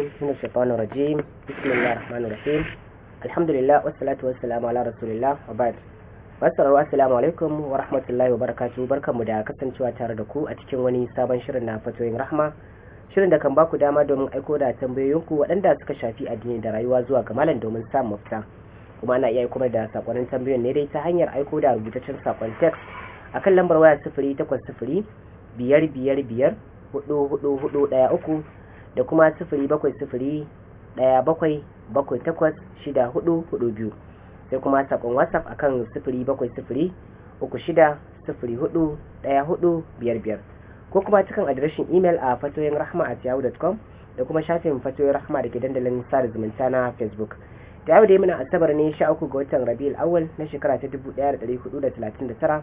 الرجيم من الشيطان الرجيم بسم الله الرحمن da kasancewa tare da ku a cikin wani sabon shirin na fatoyin rahma shirin da kan baku dama domin aiko da tambayoyinku waɗanda suka shafi addini da rayuwa zuwa ga malam domin samun mafita kuma ana iya kuma da sakonnin tambayoyin ne dai ta hanyar aiko da rubutaccen sakon text akan lambar waya sifiri takwas biyar biyar hudu hudu hudu ɗaya uku da kuma sifiri bakwai sifiri ɗaya bakwai bakwai sai kuma sakon whatsapp akan sifiri bakwai sifiri uku shida sifiri hudu ko kuma cikin adireshin imel a fatoyin rahma at yahoo.com da kuma shafin fatoyin rahma da ke dandalin sada zumunta na facebook da yau dai muna asabar ne sha uku ga watan rabi'ul awwal na shekara ta dubu ɗaya da dari hudu da talatin da tara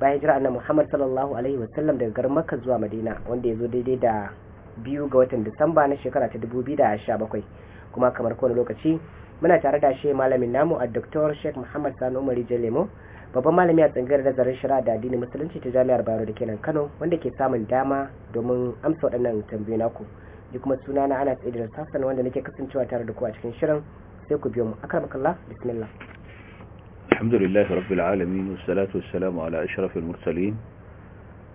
bayan jira na muhammad sallallahu alaihi wasallam daga garin makka zuwa madina wanda ya zo daidai da biyu ga watan disamba na shekara ta 2017 kuma kamar kowane lokaci muna tare da shi malamin namu a dr sheikh muhammad sani umar lemo babban malami a tsangar nazarin shari'a da addini musulunci ta jami'ar bayero da kenan kano wanda ke samun dama domin amsa waɗannan tambayoyi naku ni kuma suna na ana tsaye da wanda nake kasancewa tare da ku a cikin shirin sai ku biyo mu akramakallah bismillah alhamdulillah rabbil alamin wassalatu wassalamu ala ashrafil mursalin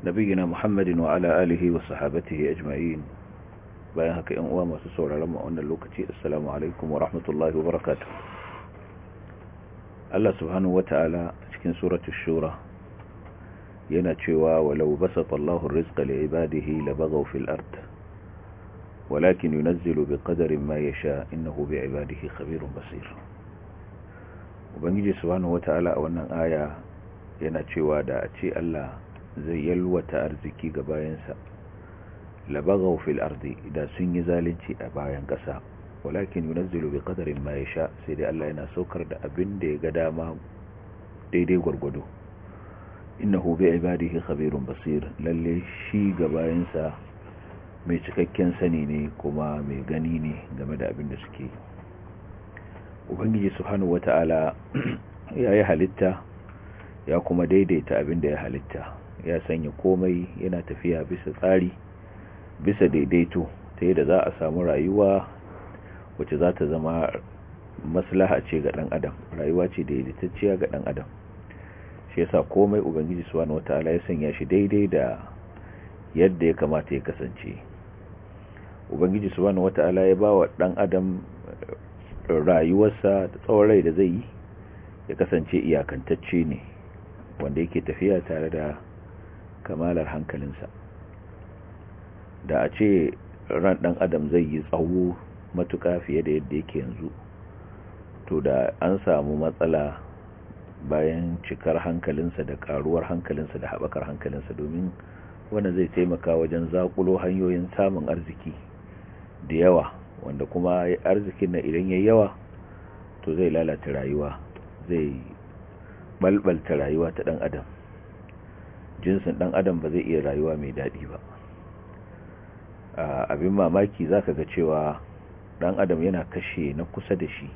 nabiyina muhammadin wa ala alihi wa sahabatihi ajma'in bayan haka yan uwa masu sauraron mu a lokaci assalamu alaikum wa rahmatullahi wa barakatuh Allah subhanahu wata'ala a cikin suratul shura yana cewa walau basata Allahu rizqa li ibadihi labaghaw fil ard walakin yunzilu biqadarin ma yasha innahu bi ibadihi khabirun basir ubangiji subhanahu wata'ala a wannan aya yana cewa da a ce Allah zai yalwata arziki ga bayansa labagaw fil ardi da sun yi zalunci a bayan ƙasa walakin yunazzilu bi qadarin ma yasha sai dai Allah yana saukar da abin da ya ga dama daidai gwargwado innahu bi ibadihi khabirun basir lalle shi ga bayansa mai cikakken sani ne kuma mai gani ne game da abin da suke ubangiji subhanahu wata'ala ya yi halitta ya kuma daidaita abin da ya halitta ya sanya komai yana tafiya bisa tsari bisa daidaito ta yadda za a samu rayuwa wacce za ta zama maslaha ce ga ɗan adam rayuwa ce daidaitacciya ga ɗan adam shi yasa komai ubangiji wata wataala ya sanya shi daidai da yadda ya kamata ya kasance ubangiji wata wataala ya ba wa ɗan adam rayuwarsa da tsawon rai da zai yi ya kasance iyakantacce ne wanda yake tafiya tare da kamalar hankalinsa da a ce ran ɗan adam zai yi tsawo matuƙa fiye da yadda yake yanzu to da an samu matsala bayan cikar hankalinsa da karuwar hankalinsa da haɓakar hankalinsa domin wanda zai taimaka wajen zaƙulo hanyoyin samun arziki da yawa wanda kuma arzikin na idan ya yawa to zai lalata rayuwa zai balbalta rayuwa ta ɗan adam jinsin dan adam ba zai iya rayuwa mai daɗi ba abin mamaki za ka ga cewa dan adam yana kashe na kusa da shi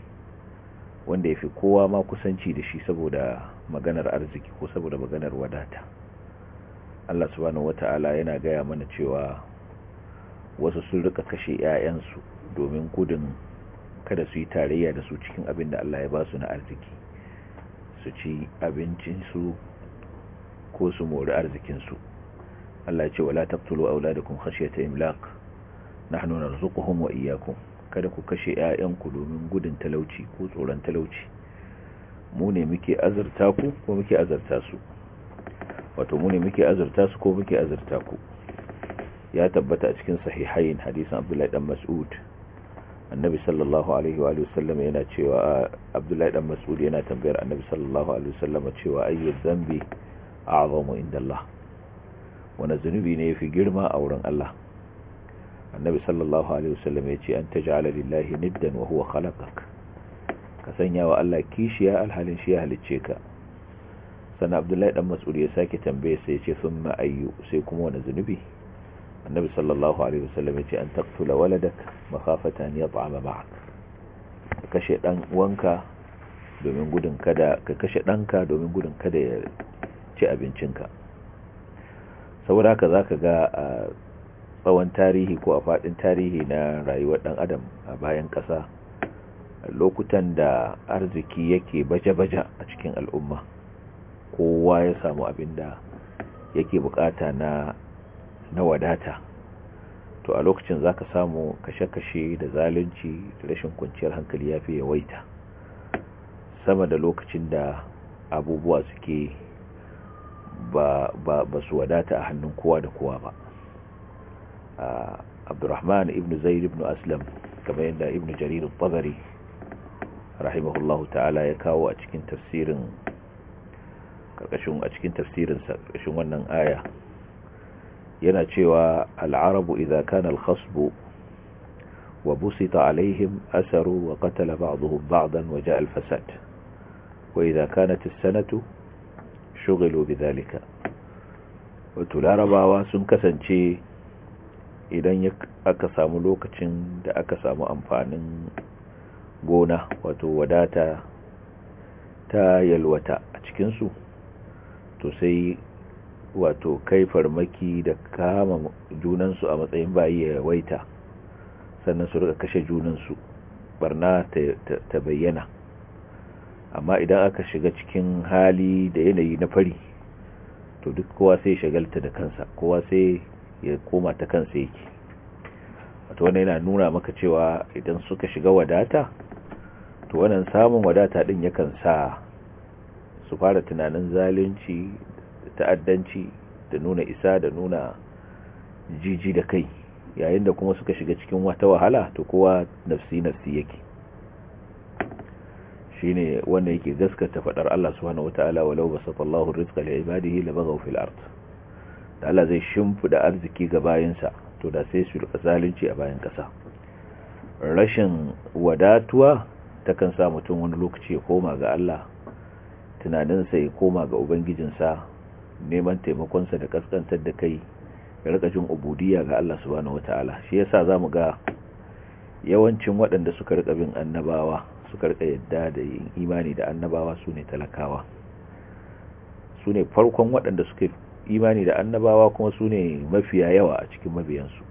wanda ya fi kowa ma kusanci da shi saboda maganar arziki ko saboda maganar wadata Allah subhanahu wata'ala yana gaya mana cewa wasu sun rika kashe 'ya'yansu domin gudun kada su yi tarayya da su cikin abin da Allah ya ba su na arziki su ci abincinsu ko su mori arzikinsu Allah ya ce wala taqtulu auladakum khashyata imlaq nahnu narzuquhum wa iyyakum kada ku kashe ƴaƴanku domin gudun talauci ko tsoron talauci mu ne muke azurta ku ko muke azurta su wato mu ne muke azurta su ko muke azurta ku ya tabbata a cikin sahihain hadisin Abdullahi dan Mas'ud annabi sallallahu alaihi wa sallam yana cewa abdullahi dan mas'ud yana tambayar annabi sallallahu alaihi wa sallam cewa ayyu dhanbi a'zamu indallah wani zunubi ne yafi girma a wurin Allah annabi sallallahu alaihi wasallam ya ce an taj'ala lillahi niddan wa huwa khalaqak ka sanya wa Allah kishiya alhalin shi ya halicce ka sana abdullahi dan mas'ud ya sake tambaye sai ya ce thumma ayyu sai kuma wani zunubi annabi sallallahu alaihi wasallam ya ce an taqtula waladak makhafatan an yat'ama ma'ak kashe dan uwanka domin gudun kada ka kashe danka domin gudun kada ya ci abincinka saboda haka za ka ga a tsawon tarihi ko a faɗin tarihi na rayuwar ɗan adam a bayan ƙasa lokutan da arziki yake baje-baje a cikin al'umma kowa ya samu abin da yake bukata na na wadata to a lokacin za ka samu kashe-kashe da zalunci da rashin kwanciyar hankali ya fi yawaita sama da lokacin da abubuwa suke ba su wadata a hannun kowa da kowa ba abdurrahman ibn zaid ibn aslam kamar yadda ibn jarir al-tabari rahimahullahu ta'ala ya kawo a cikin tafsirin karkashin a cikin tafsirin karkashin wannan aya yana cewa al-arabu idza kana al-khasbu wa busita alaihim asaru wa qatala ba'dhum ba'dan wa ja'a al-fasad wa idza kanat as-sanatu shugalo bi zalika wato larabawa sun kasance idan aka samu lokacin da aka samu amfanin gona wato wadata ta yalwata a cikinsu to sai wato kai farmaki da kama junansu a matsayin bayi ya waita sannan su rika kashe junansu barna ta bayyana amma idan aka shiga cikin hali da yanayi na fari to duk kowa sai shagalta da kansa kowa sai ya koma ta kansa yake wato wannan yana nuna maka cewa idan suka shiga wadata to wannan samun wadata din yakan sa su fara tunanin zalunci ta'addanci da nuna isa da nuna jiji da kai yayin da kuma suka shiga cikin wata wahala to kowa nafsi nafsi yake shine wanda yake gaskata fadar Allah subhanahu wataala walau basatallahu rizqa li ibadihi labaghaw fil ard da Allah zai shimfida arziki ga bayinsa to da sai su zalunci a bayan kasa rashin wadatuwa ta kan sa mutum wani lokaci ya koma ga Allah tunaninsa ya koma ga ubangijinsa neman taimakonsa da kaskantar da kai ya rika jin ubudiyya ga Allah subhanahu wataala shi yasa zamu ga yawancin waɗanda suka rika bin annabawa suka rika yadda da yin imani da annabawa su ne talakawa su ne farkon waɗanda suka imani da annabawa kuma su ne mafiya yawa a cikin mabiyansu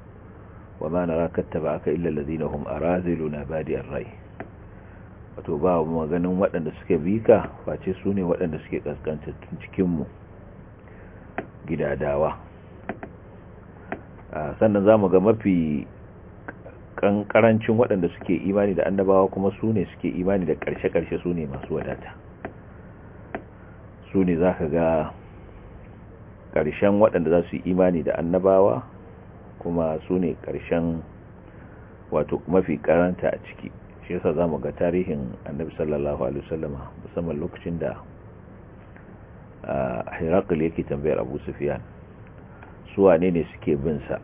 wa ma na rakatta ba aka illa lazina hum a razilu na badiyar rai wato ba maganin waɗanda suka bika face su ne waɗanda suke tun cikinmu gidadawa sannan za mu ga mafi kankarancin waɗanda suke imani da annabawa kuma su ne suke imani da ƙarshe-ƙarshe su ne masu wadata su ne za ka ga ƙarshen waɗanda za su yi imani da annabawa kuma su ne ƙarshen wato mafi karanta a ciki shi yasa za mu ga tarihin annabi sallallahu alaihi wasallama musamman lokacin da a ah, hirakul yake tambayar abu sufiyan su wane ne suke bin sa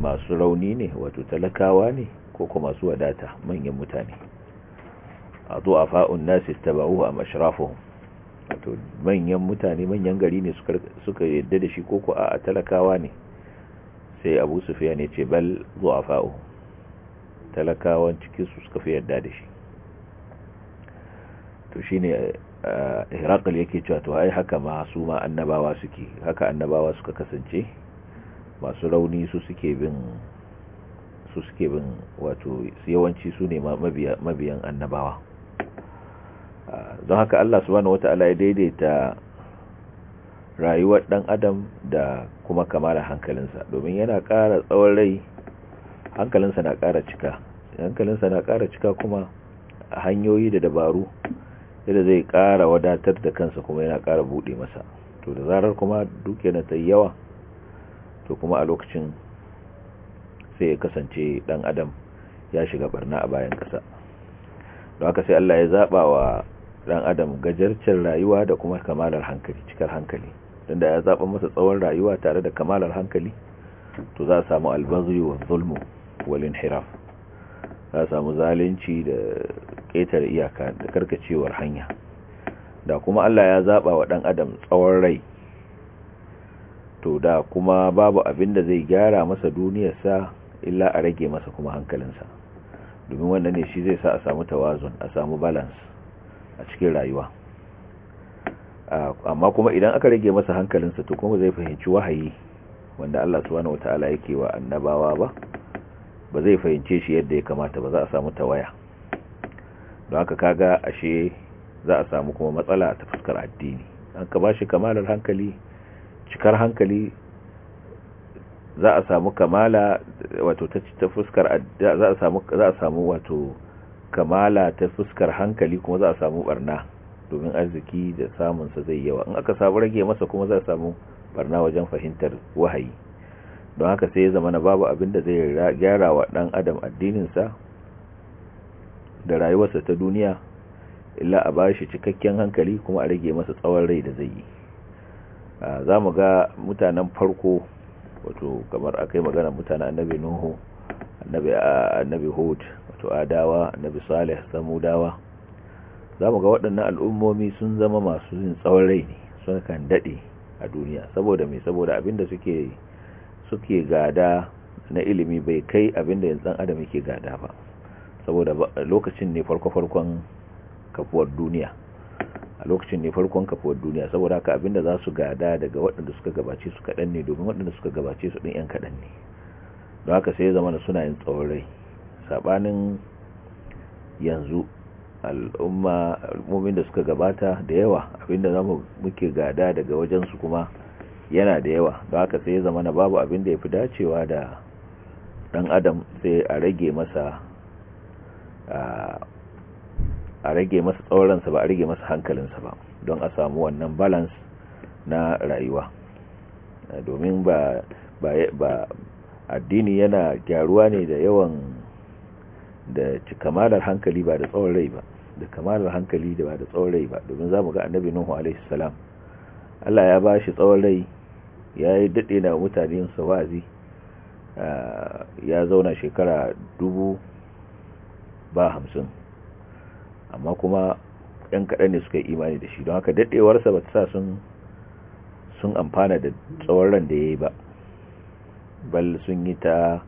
masu rauni ne wato talakawa ne ko kuma masu wadata manyan mutane a zo a fa'un nasi ba’u a mashrafahun wato manyan mutane manyan gari ne suka yadda da shi koko a talakawa ne sai abu fiye ne ce bal zo a fa'u talakawan cikinsu suka fi yadda da shi to shi ne eh, irakul yake cewa to ai haka ma su ma annabawa suke haka annabawa suka kasance masu rauni su suke bin su suke bin wato yawanci su ne mabiyan annabawa ah, don haka Allah subhanahu wata'ala ya daidaita rayuwar dan adam da kuma kamala hankalinsa domin yana ƙara tsawon rai hankalinsa na kara cika hankalinsa na ƙara cika kuma hanyoyi da dabaru yadda zai ƙara wadatar da kansa kuma yana kara buɗe masa to da zarar kuma duk yana ta yawa to kuma a lokacin sai ya kasance dan adam ya shiga barna a bayan kasa don haka sai Allah ya zaba wa dan adam gajarcin rayuwa da kuma kamalar hankali cikar hankali don da ya zaba masa tsawon rayuwa tare da kamalar hankali to za a samu albazi wa zulmu wal inhiraf za a samu zalunci da ƙetare iyaka da karkacewar hanya da kuma Allah ya zaba wa dan adam tsawon rai to da kuma babu abin da zai gyara masa duniyarsa illa a rage masa kuma hankalinsa domin wannan ne shi zai sa a samu tawazun a samu balance a cikin rayuwa amma kuma idan aka rage masa hankalinsa to kuma zai fahimci wahayi wanda Allah subhanahu wataala yake wa annabawa ba ba zai fahimce shi yadda ya kamata ba za a samu tawaya don haka kaga ashe za a samu kuma matsala ta fuskar addini an ka bashi kamalar hankali cikar hankali za a samu kamala wato ta fuskar za a za a samu wato kamala ta fuskar hankali kuma za a samu barna domin arziki da samunsa zai yawa in aka samu rage masa kuma za a samu barna wajen fahimtar wahayi don haka sai ya zama na babu abin da zai gyara wa dan adam addininsa da rayuwarsa ta duniya illa a bashi cikakken hankali kuma a rage masa tsawon rai da zai yi za mu ga mutanen farko wato kamar akai magana mutanen annabi nuhu annabi hud wato adawa annabi salih Dawa. za mu ga waɗannan al'ummomi sun zama masu yin tsawon rai ne sun kan daɗe a duniya saboda mai saboda abinda suke suke gada na ilimi bai kai abinda yanzu tsan adam yake gada ba saboda lokacin ne farko-farkon kafuwar duniya a lokacin ne farkon kafuwar duniya saboda haka abinda za su gada daga waɗanda suka gabace su kaɗan ne domin waɗanda suka gabace su ɗin 'yan kaɗan ne don haka sai zama da suna yin tsawon rai saɓanin yanzu al'umma al'ummomin da suka gabata da yawa abinda za mu muke gada daga wajensu kuma yana da yawa don haka sai zama na babu abinda ya fi dacewa da ɗan adam sai a rage masa a rage masa tsauransa ba a rage masa hankalinsa ba don a samu wannan balance na rayuwa domin ba ba addini yana gyaruwa ne da yawan da kamalar hankali ba da tsawon rai ba da kamalar hankali da ba da tsawon rai ba domin za mu ga annabi nuhu alaihi salam Allah ya ba shi tsawon rai ya yi daɗe na mutanen su wazi ah, ya zauna shekara dubu ba hamsin amma kuma yan kaɗan ne suka yi imani da shi don haka daɗewarsa ba ta sa sun sun amfana da tsawon ran da ya yi ba bal sun yi ta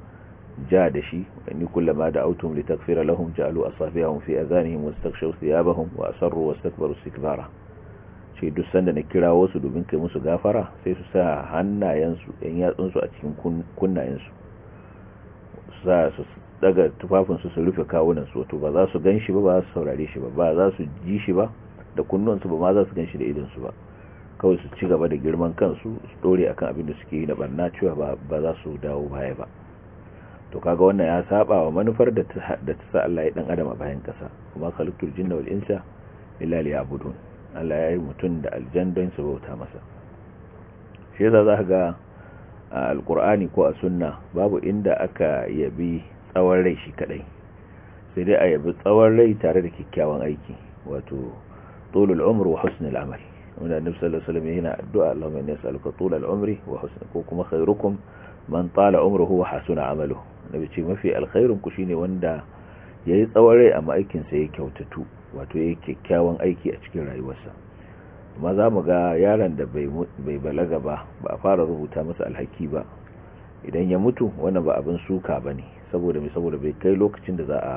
ja da shi ni kullama da autum li takfira lahum a asafiyahum fi wasu wastaghshaw thiyabahum wa asarru wastakbaru istikbara ce duk sanda na kira wasu domin kai musu gafara sai su sa hannayensu yan yatsunsu a cikin kunnayensu su sa su daga tufafin su su rufe kawunan su wato ba za su gan ba ba za su saurare shi ba ba za su ji shi ba da kunnuwansu ba ma za su gan shi da su ba kawai su ci gaba da girman kansu su dore akan abin da suke yi na barna cewa ba za su dawo baya ba to kaga wannan ya saba wa manufar da ta sa Allah ya dan adam a bayan kasa kuma khalqul jinna wal insa illa liya'budun Allah ya yi mutum da aljan don su bauta masa shi yasa za ga a alkur'ani ko a sunna babu inda aka yabi tsawon rai shi kadai sai dai a yabi tsawon rai tare da kyakkyawan aiki wato tulul umru wa husnul amal wanda annabi sallallahu alaihi wasallam yana addu'a Allahumma inni as'aluka tulal umri wa husn ko kuma khairukum man tala umruhu wa hasuna amalu nabi ce mafi alkhairun ku shine wanda yayi tsawon rai amma aikin sa ya kyautatu wato yayi kyakkyawan aiki a cikin rayuwarsa amma za mu ga yaron da bai balaga ba ba a fara rubuta masa alhaki ba idan ya mutu wannan ba abin suka ba ne saboda mai saboda bai kai lokacin da za a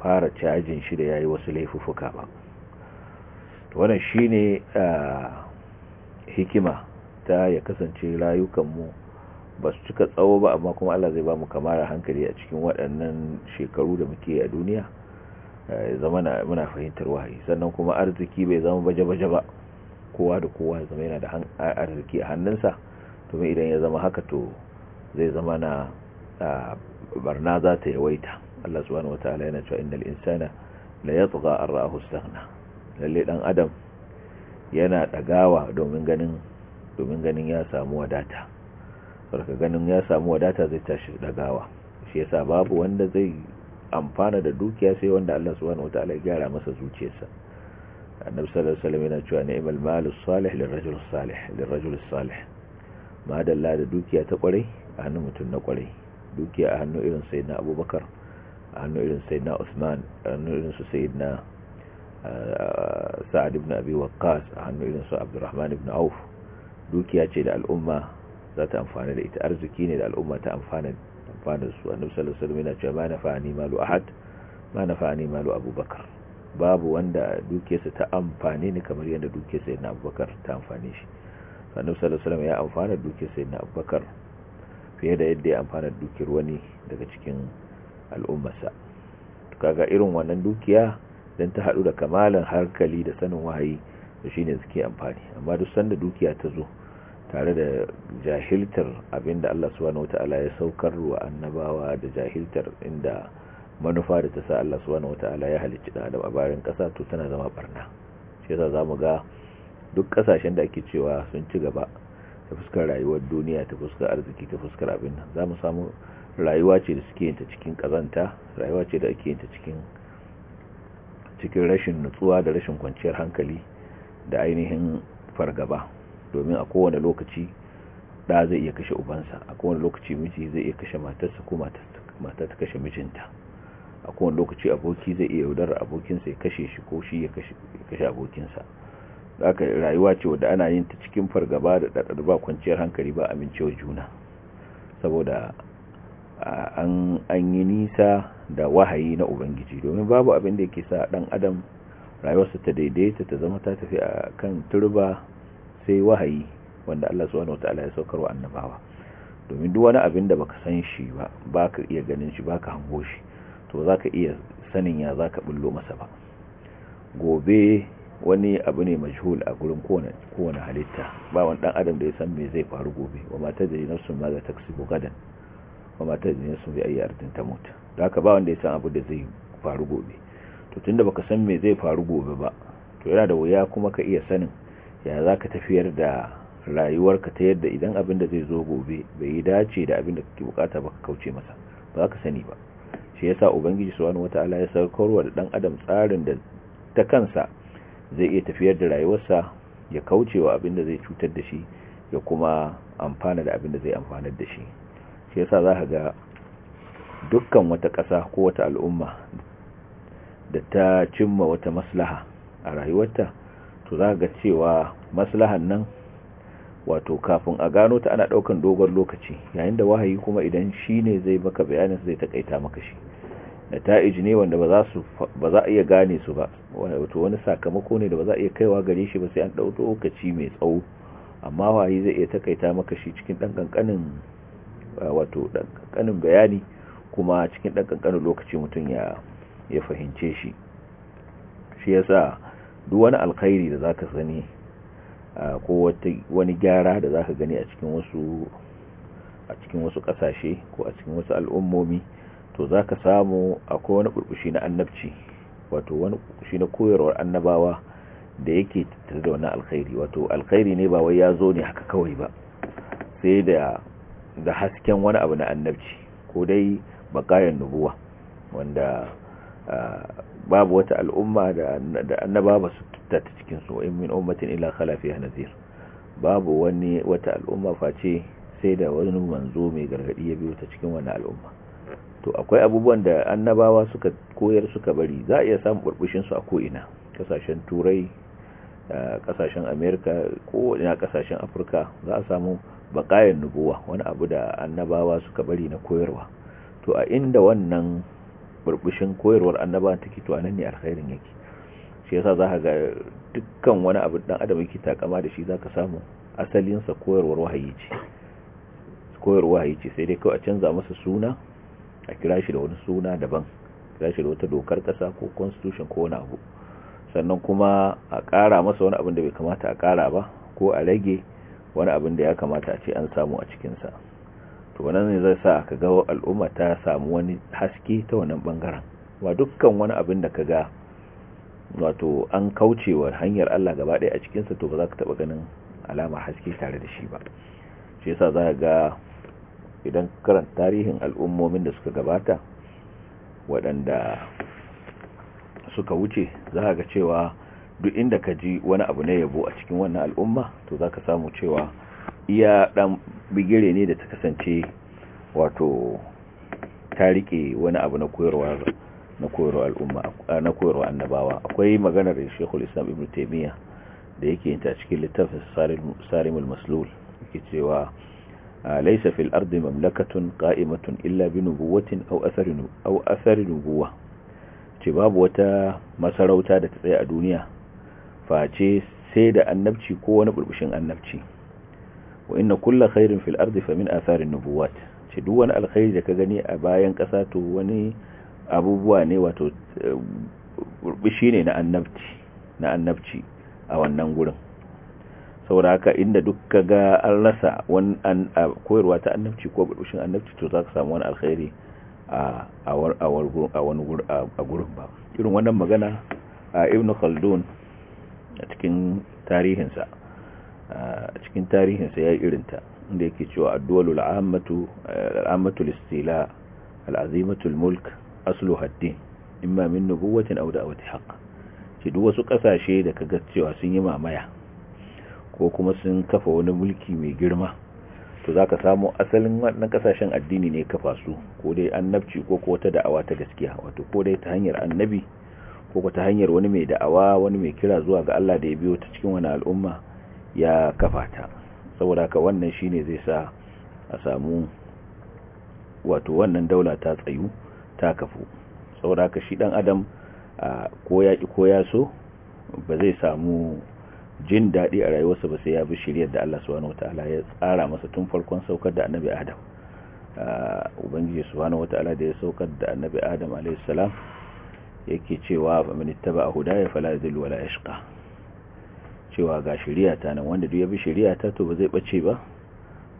fara cajin shi da ya yi wasu laifuka ba wannan shi ne ah, hikima ta ya kasance rayukanmu ba su cika tsawo ba amma kuma Allah zai ba mu kamara hankali a cikin waɗannan shekaru da muke a duniya eh, zama muna fahimtar wahayi sannan kuma arziki bai zama baje-baje ba kowa da kowa zama yana da arziki a hannunsa domin idan ya zama haka to zai zama na barna za ta yawaita Allah subhanahu wataala yana cewa innal insana la yatgha an ra'ahu istaghna lalle dan adam yana dagawa domin ganin domin ganin ya samu wadata sarka ganin ya samu wadata zai tashi dagawa shi yasa babu wanda zai amfana da dukiya sai wanda Allah subhanahu wataala ya gyara masa zuciyarsa annabi sallallahu alaihi wasallam yana cewa ni'mal malus salih lirajul salih lirajul salih ma dalla da dukiya ta kwarai a hannun mutum na kwarai dukiya a hannun irin sai na abubakar a hannun irin sai na usman a hannun irin su sai na sa'ad ibn abi waqqas a hannun irin su abdurrahman ibn auf dukiya ce da al'umma za ta amfana da ita arziki ne da al'umma ta amfana amfana su annabi sallallahu alaihi wasallam yana cewa ma nafa'ani malu ahad ma nafa'ani malu abubakar babu wanda dukiyarsa ta amfane ni kamar yadda dukiyarsa yana abubakar ta amfane shi annabi sallallahu alaihi wasallam ya amfana dukiyarsa yana abubakar fiye da yadda ya amfana dukiyar wani daga cikin al'ummarsa kaga irin wannan dukiya don ta haɗu da kamalan harkali da sanin wahayi da shi ne suke amfani amma duk sanda dukiya ta zo tare da jahiltar abinda Allah subhanahu wata'ala ya saukar wa annabawa da jahiltar inda manufa da ta sa Allah subhanahu wata'ala ya halicci da adam a bayan ƙasa to tana zama barna shi yasa zamu ga duk ƙasashen da ake cewa sun ci gaba ta fuskar rayuwar duniya ta fuskar arziki ta fuskar abin nan za mu samu rayuwa ce da suke yin ta cikin kazanta rayuwa ce da ake yin ta cikin cikin rashin nutsuwa da rashin kwanciyar hankali da ainihin fargaba domin a kowane lokaci da zai iya kashe ubansa a kowane lokaci miji zai iya kashe matarsa ko mata ta kashe mijinta a kowane lokaci aboki zai iya yaudar abokinsa ya kashe shi ko shi ya kashe abokinsa zaka rayuwa ce wadda ana yin ta cikin fargaba da dadar ba kwanciyar hankali ba amincewa juna saboda an yi nisa da wahayi na ubangiji domin babu abin da yake sa ɗan adam rayuwarsa ta daidaita ta zama ta tafi a kan turba sai wahayi wanda Allah wata wataala ya saukar wa annabawa domin duk wani abin da baka san shi ba ka iya ganin shi ba ka hango shi to za ka iya sanin ya za ka bullo masa ba gobe wani abu ne majhul a gurin kowane halitta ba wani dan adam da ya san me zai faru gobe wa mata da nafsu ma za ta kasibu gadan wa mata da nafsu bai ayi ardin mutu da haka ba wanda ya san abu da zai faru gobe to tunda baka san me zai faru gobe ba to yana da wuya kuma ka iya sanin ya za ka tafiyar da rayuwarka ta yadda idan abin da zai zo gobe bai yi dace da abin da kake bukata ba ka kauce masa ba za ka sani ba shi yasa ubangiji subhanahu wataala ya saukarwa da dan adam tsarin da ta kansa zai iya tafiyar da rayuwarsa ya kauce wa abin da zai cutar da shi ya kuma amfana da abin da zai amfanar da shi shi yasa za ka ga dukkan wata ƙasa ko wata al'umma da ta cimma wata maslaha a rayuwarta to za ga cewa maslahan nan wato kafin a gano ta ana ɗaukan dogon lokaci yayin da wahayi kuma idan shi ne zai baka bayanin zai taƙaita maka shi nata'iji ne wanda ba za su ba za a iya gane su ba wato wani sakamako ne da ba za a iya kaiwa gare shi ba sai an dauko lokaci mai tsawo amma waye zai iya takaita maka shi cikin dan kankanin wato dan kankanin bayani kuma cikin dan kankanin lokaci mutum ya ya fahimce shi shi yasa duk wani alkhairi da zaka sani ko wani gyara da zaka gani a cikin wasu a cikin wasu kasashe ko a cikin wasu al'ummomi to za ka samu akwai wani burbushi na annabci wato wani burbushi na koyarwar annabawa da yake tattare da wannan alkhairi wato alkhairi ne ba wai ya zo ne haka kawai ba sai da da hasken wani abu na annabci ko dai bakayan nubuwa wanda babu wata al'umma da annaba ba su tattata cikin su in min ummatin illa khala fiha nazir babu wani wata al'umma face sai da wani manzo mai gargadi ya biyo ta cikin wannan al'umma to akwai abubuwan da annabawa suka koyar suka bari za a iya samun burbushin su a ko'ina kasashen turai kasashen amerika ko ina kasashen afirka za a samu bakayan nubuwa wani abu da annabawa suka bari na koyarwa to a inda wannan burbushin koyarwar annabawan take to anan ne alkhairin yake shi yasa za a ga dukkan wani abu dan adam yake takama da shi za ka samu asalinsa koyarwar wahayi ce koyarwar wahayi ce sai dai kawai a canza masa suna a kira shi da wani suna daban kira shi da wata dokar kasa ko constitution ko wani abu sannan kuma a kara masa wani abin da bai kamata a kara ba ko a rage wani abin da ya kamata a ce an samu a cikinsa to wannan ne zai sa ka ga al'umma ta samu wani haske ta wannan bangaren ba dukkan wani abin da ka ga wato an kaucewa hanyar Allah gaba ɗaya a cikinsa to ba za ka taɓa ganin alama haske tare da shi ba shi yasa za ka ga idan karanta tarihin al'ummomin da suka gabata waɗanda suka wuce za ga cewa duk inda ka ji wani abu ne yabo a cikin wannan al'umma to za ka samu cewa iya ɗan bigire ne da ta kasance wato ta riƙe wani abu na koyarwa na annabawa akwai maganar shekul Islam Ibn taimiyya da yake yin ta cikin littafin Sarimul Maslul yake cewa laysa fil ardi mamlakatun qa'imatun illa bi nubuwatin aw atharin aw nubuwa ce babu wata masarauta da ta tsaya a duniya face sai da annabci ko wani burbushin annabci wa inna kullu khairin fil ardi famin atharin nubuwat ce duk wani alkhairi da ka gani a bayan kasa to wani abubuwa ne wato burbushi ne na annabci na annabci a wannan gurin sauraka inda duk ga an rasa koyarwa ta annabci ko bulushin annabci to za ka samu wani alkhairi a gurin ba irin wannan magana a ibn khaldun a cikin tarihinsa a cikin tarihinsa ya yi irinta inda yake cewa addu'alul ammatu al'ammatu listila al'azimatu mulk aslu haddin imma min nubuwatin aw da'awati haqq shi duk wasu kasashe da kaga cewa sun yi mamaya ko kuma sun kafa wani mulki mai girma to za ka samu asalin waɗannan ƙasashen addini ne kafa su ko dai annabci ko ko wata da'awa ta gaskiya wato ko dai ta hanyar annabi ko ta hanyar wani mai da'awa wani mai kira zuwa ga Allah da ya biyo ta cikin wani al'umma ya kafa ta saboda ka wannan shine zai sa a samu wato wannan daula ta tsayu ta kafu saboda ka shi dan adam ko ya ki ko ya so ba zai samu jin daɗi a rayuwarsa ba sai ya bi shiryar da Allah subhanahu wataala ya tsara masa tun farkon saukar da annabi Adam ah, ubangiji subhanahu wataala da ya saukar da annabi Adam alayhi salam yake cewa fa man ittaba hudaya fala yadhillu wala yashqa cewa ga shiriya ta nan wanda duk ya bi shiriya ta to ba zai bace ba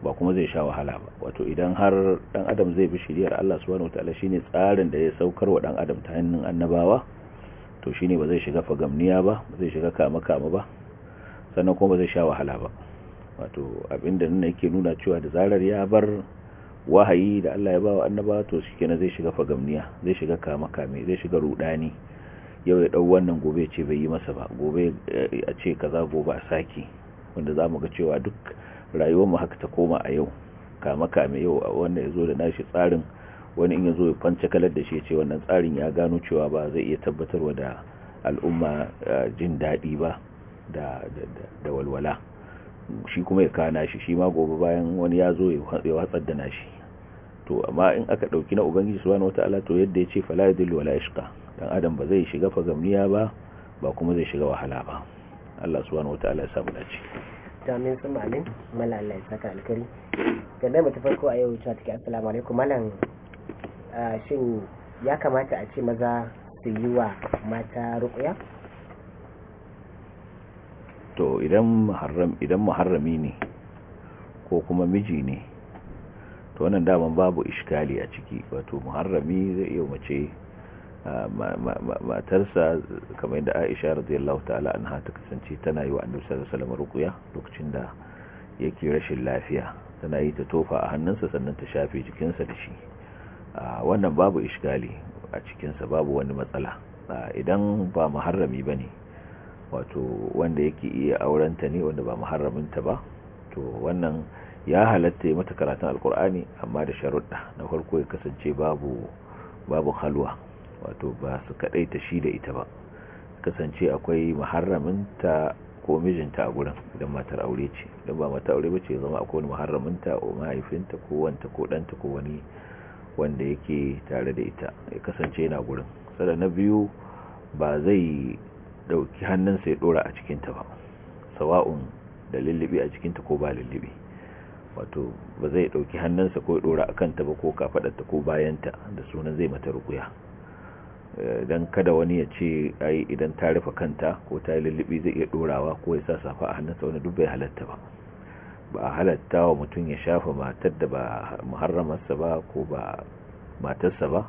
ba kuma zai sha wahala ba wato idan har dan adam zai bi shiriyar Allah subhanahu wataala shine tsarin da ya saukar wa dan adam ta hannun annabawa to shine ba zai shiga fagamniya ba ba zai shiga kama kama ba sannan kuma zai sha wahala ba wato abinda nuna yake nuna cewa da zarar ya bar wahayi da Allah ya bawa annaba to shikenan zai shiga fagamniya zai shiga kama kame zai shiga rudani yau ya dau wannan gobe ce bai yi masa ba gobe eh, a ce kaza gobe a saki wanda za mu ga cewa duk rayuwar mu haka ta koma a yau kama kame yau wanda yazo da nashi tsarin wani in yazo ya fance kalar da shi ya ce wannan tsarin ya gano cewa ba zai iya tabbatarwa da al'umma eh, jin daɗi ba da da walwala shi kuma ya kana shi shi ma gobe bayan wani ya zo ya watsar da nashi to amma in aka dauki na ubangiji subhanahu wataala to yadda ya ce fala yadillu wala ishqa dan adam ba zai shiga fagamniya ba ba kuma zai shiga wahala ba Allah subhanahu wataala ya samu dace damin sun malin mala Allah ya saka alkari ganda mutu farko a yau cewa take assalamu alaikum malan ah, shin ya kamata a ce maza su yi wa mata ruqya to idan muharrami ne ko kuma miji ne to wannan daman babu iskali a ciki wato muharrami zai iya mace matarsa kamar da aisha radiyallahu ta'ala anha ta kasance tana yi wa annabi sallallahu alaihi wasallam ruqya lokacin da yake rashin lafiya tana yi ta tofa a hannunsa sannan ta shafe jikinsa da shi wannan babu iskali a cikinsa babu wani matsala idan ba muharrami bane wato wanda yake iya aurenta ne wanda ba muharraminta ba to wannan ya halatta mata karatun alkur'ani amma da sharuɗa na farko ya kasance babu babu halwa wato ba su kaɗai ta shi da ita ba kasance akwai muharraminta ko mijinta a gurin idan matar aure ce idan ba matar aure ba ce zama akwai wani muharraminta ko mahaifinta ko wanta ko ɗanta ko wani wanda yake tare da ita ya kasance yana gurin sada na biyu ba zai dauki hannunsa ya dora a cikinta ba sawa'un da lullubi a cikinta ko ba lullubi wato ba zai dauki hannunsa ko ya dora a kanta ba ko ta ko bayanta da sunan zai mata rukuya eh, don kada wani ya ce ai idan ta rufe kanta ko ta yi lullubi zai iya dorawa ko ya sa safa a hannunsa wani duk bai halatta ba ba a halatta wa mutum ya shafa matar da ba muharramarsa ba ko ba matarsa ba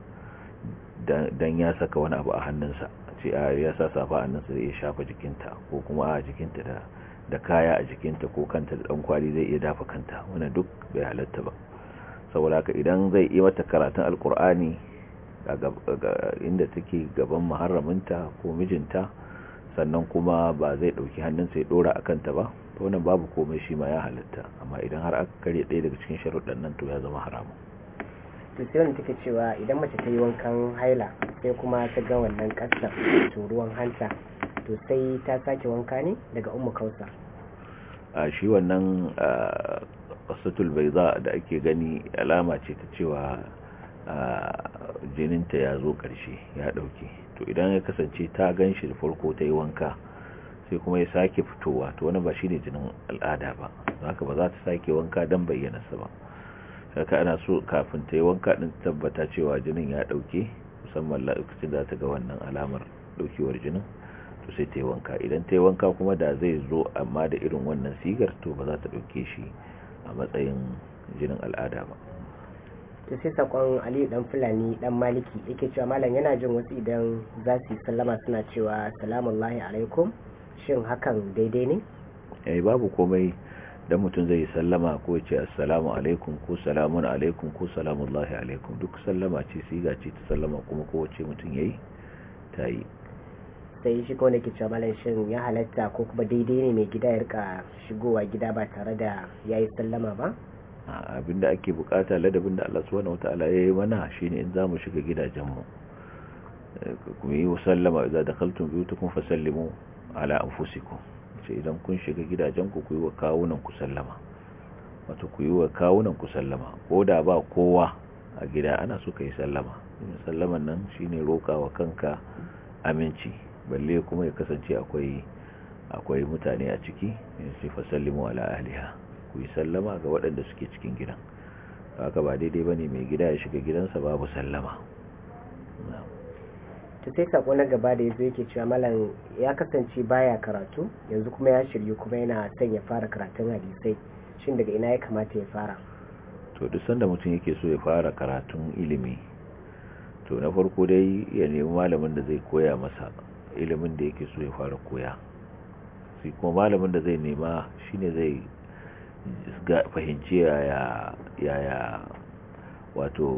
don ya saka wani abu a hannunsa sai a ya sa safa a nan sai ya shafa jikinta ko kuma a jikinta da kaya a jikinta ko kanta da dan kwali zai iya dafa kanta wannan duk bai halatta ba saboda haka idan zai yi mata karatun alkur'ani inda take gaban maharaminta ko mijinta sannan kuma ba zai ɗauki hannun sai dora a kanta ba to wannan babu komai shi ma ya halatta amma idan har aka karye ɗaya daga cikin sharuɗan nan to ya zama haramun to sai take cewa idan mace ta yi wankan haila sai kuma ta ga wannan kasar to ruwan hanta to sai ta sake wanka ne daga ummu kausa a shi wannan kasatul baiza da ake gani alama ce ta cewa jininta ya zo karshe ya ɗauke to idan ya kasance ta ganshi shi farko ta yi wanka sai kuma ya sake fitowa to wani ba shi ne jinin al'ada ba haka ba za ta sake wanka don bayyana ba kaka ana so kafin ta yi wanka ɗin tabbata cewa jinin ya ɗauke musamman lokacin da ta ga wannan alamar ɗaukewar jinin to sai ta yi wanka idan ta yi wanka kuma da zai zo amma da irin wannan sigar to ba za ta ɗauke shi a matsayin jinin al'ada ba to sai sakon aliyu dan fulani dan maliki yake cewa malam yana jin wasu idan za su yi sallama suna cewa salamun alaikum shin hakan daidai ne eh babu komai dan mutum zai yi sallama ko ya ce assalamu alaikum ko salamun alaikum ko salamullahi alaikum duk sallama ce siga ce ta sallama kuma kowace mutum yayi ta yi sai shi ko nake cewa malam shin ya halatta ko kuma daidai ne mai gida ya rika shigowa gida ba tare da ya yi sallama ba abinda ake bukata ladabin da Allah subhanahu wataala yayi mana shine in zamu shiga gidajen mu eh, kuma yi sallama idza dakhaltum biyutakum fasallimu ala anfusikum ce idan kun shiga gidajenku ku yi wa kawunan ku sallama wato ku yi wa kawunan ku sallama ko da ba kowa a gida ana so yi sallama sallaman nan shine roka wa kanka aminci balle kuma ya kasance akwai akwai mutane a ciki sai fa sallimu ala ahliha ku yi sallama ga waɗanda suke cikin gidan haka ba daidai bane mai gida ya shiga gidansa babu sallama ta sai sako na gaba da ya zo yake cewa malam ya kasance baya karatu yanzu kuma ya shiryu kuma yana son ya fara karatun hadisai shin daga ina ya kamata ya fara to duk sanda mutum yake so ya fara karatun ilimi to na farko dai ya nemi malamin da zai koya masa ilimin da yake so ya fara koya sai kuma malamin da zai nema shine zai fahimci yaya wato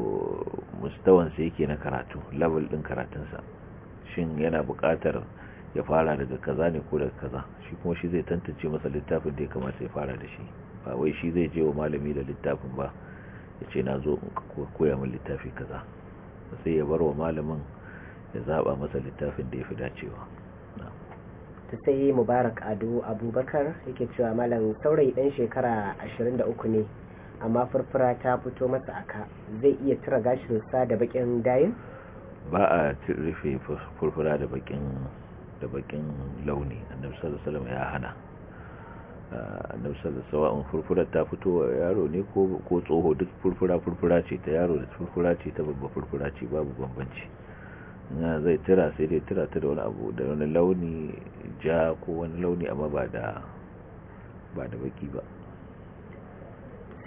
mustawansa yake na karatu level din karatunsa shin yana buƙatar ya fara daga kaza ne ko daga kaza shi kuma shi zai tantance masa littafin da ya kamata ya fara da shi ba wai shi zai je wa malami da littafin ba ya ce na zo koya min littafi kaza sai ya bar wa malamin ya zaba masa littafin da ya fi dacewa ta sai mubarak ado abubakar yake cewa malam saurayi dan shekara 23 ne amma furfura ta fito masa aka zai iya tura gashinsa da bakin dayin ba a rufe furfura da bakin da bakin launi annabi sallallahu alaihi wasallam ya hana ah, annabi sallallahu alaihi furfura ta fito yaro ne ko ko tsoho duk furfura furfura ce ta yaro da furfura ce ta babba furfura ce babu bambanci na zai tira sai dai tira ta da wani abu da wani launi ja ko wani launi amma ba da ba da baki ba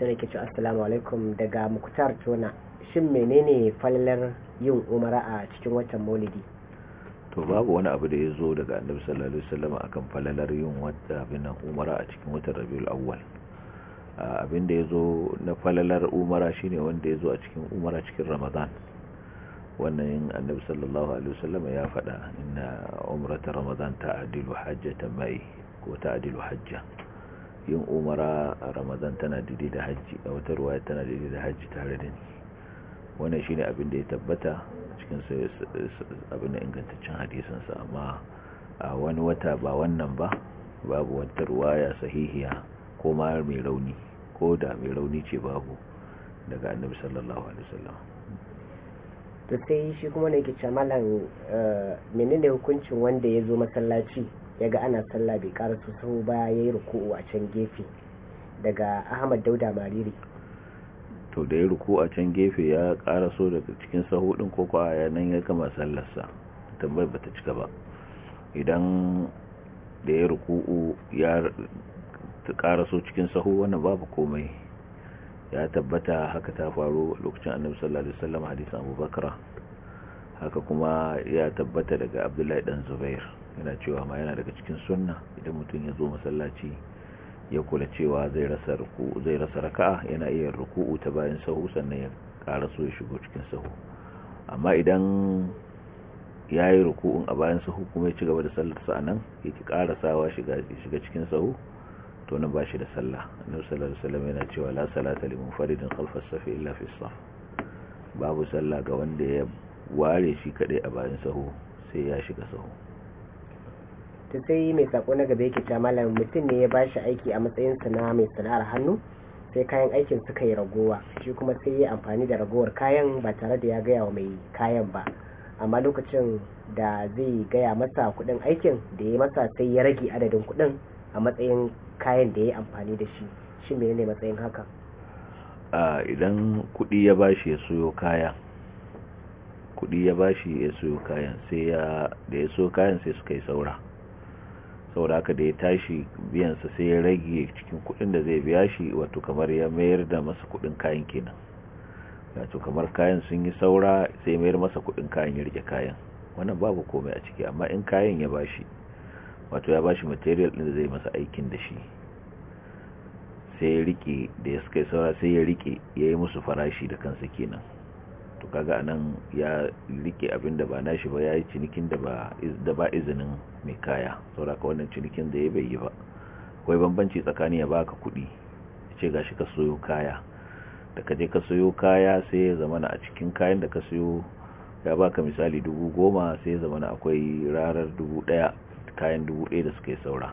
sai ke ce assalamu alaikum daga muktar tona shin menene falalar yin umara a cikin watan maulidi to babu wani abu da ya zo daga annabi sallallahu alaihi wasallam akan falalar yin wata abin umara a cikin watan rabiul awwal abin da ya zo na falalar umara shine wanda ya zo a cikin umara cikin ramadan wannan annabi sallallahu alaihi wasallam ya faɗa inna umrata ramadan ta'dilu hajjatan mai ko ta'dilu hajja yin umara a ramadan tana daidai da hajji a wata ruwa tana daidai da hajji tare da ni wannan shi ne abin da ya tabbata cikin abin da ingantaccen hadisansa amma a wani wata ba wannan ba babu wata ya sahihiya ko ma mai rauni ko da mai rauni ce babu daga annabi sallallahu alaihi wasallam to sai shi kuma ne ke camalan eh, menene hukuncin wanda ya zo masallaci ya ga ana sallah bai ƙara soso ba ya yi ruku'u a can gefe daga ahmad dauda mariri to da ya ruku a can gefe ya ƙara so daga cikin sahudin ko kwaya nan ya kama sallarsa tambayar ta cika ba idan da ya ruku'u ya ƙara so cikin sahu wani babu komai ya tabbata haka ta faru lokacin annabi sallallahu alaihi wasallam hadisin abubakar haka kuma ya tabbata daga abdullahi dan zubair yana cewa ma yana daga cikin sunna idan mutum ya zo masallaci ya kula cewa zai rasa raka'a yana iya ruku'u ta bayan sahu sannan ya ƙara so ya shigo cikin sahu amma idan ya yi ruku'un a bayan sahu kuma ya ci gaba da sallar a nan ya ki sawa shiga shiga cikin sahu to nan ba shi da sallah annabi sallallahu alaihi yana cewa la salata li munfaridin khalfa as-safi illa fi saf babu sallah ga wanda ya ware shi kadai a bayan sahu sai ya shiga sahu ta sai mai sako na gaba yake cewa malam mutum ne ya ba shi aiki a matsayin na mai sana'ar hannu sai kayan aikin suka yi ragowa shi kuma sai ya amfani da ragowar kayan ba tare da ya gaya wa mai kayan ba amma lokacin da zai gaya masa kuɗin aikin da ya masa sai ya rage adadin kuɗin a matsayin kayan da ya yi amfani da shi shi mai ne matsayin haka idan kuɗi ya shi ya soyo kaya kuɗi ya shi ya soyo kayan sai da ya soyo kayan sai suka yi saura saboda haka da ya tashi biyansa sai ya rage cikin kudin da zai biya shi wato kamar ya mayar da masa kudin kayan kenan wato kamar kayan sun yi saura sai mayar masa kudin kayan ya rike kayan wannan babu komai a ciki amma in kayan ya bashi wato ya bashi material din da zai masa aikin da shi sai ya rike da ya kai saura sai ya rike ya yi musu farashi da kansa kenan to kaga anan ya rike abin da ba nashi ba ya yi cinikin da ba izinin mai kaya saboda ka wannan cinikin da ya bai yi ba akwai bambanci tsakanin ya baka kuɗi ya ce gashi ka soyo kaya da kaje ka soyo kaya sai ya zamana a cikin kayan da ka soyo ya baka misali dubu goma sai ya zamana akwai rarar dubu ɗaya kayan dubu ɗaya da suka yi saura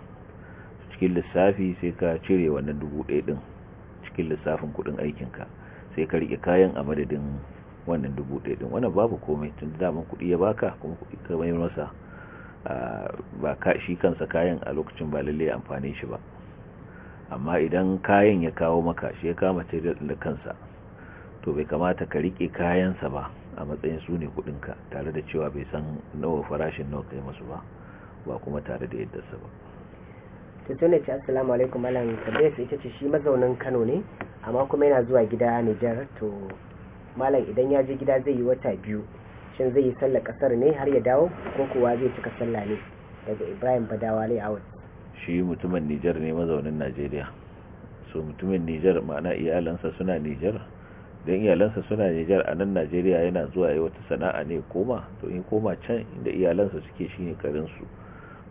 cikin lissafi sai ka cire wannan dubu ɗaya ɗin cikin lissafin kuɗin aikinka sai ka rike kayan a madadin wannan dubu ɗaya din wannan babu komai tun da daman kuɗi ya baka kuma kuɗi ka mai masa ba ka shi kansa kayan a lokacin ba lalle amfani shi ba amma idan kayan ya kawo maka shi ya kawo material da kansa to bai kamata ka rike kayansa ba a matsayin su ne kuɗinka tare da cewa bai san nawa farashin nawa kai masu ba ba kuma tare da yadda sa ba to ne ce assalamu alaikum malam tambayar ita ce shi mazaunin Kano ne amma kuma yana zuwa gida Nijar to malam idan ya je gida zai yi wata biyu shin zai yi sallar kasar ne har ya dawo ko kuwa zai cika sallah ne daga ibrahim badawa ne a shi mutumin nijar ne mazaunin najeriya so mutumin nijar ma'ana iyalansa suna nijar don iyalansa suna nijar a nan najeriya yana zuwa yi wata sana'a ne koma to in koma can inda iyalansa suke shi ne karinsu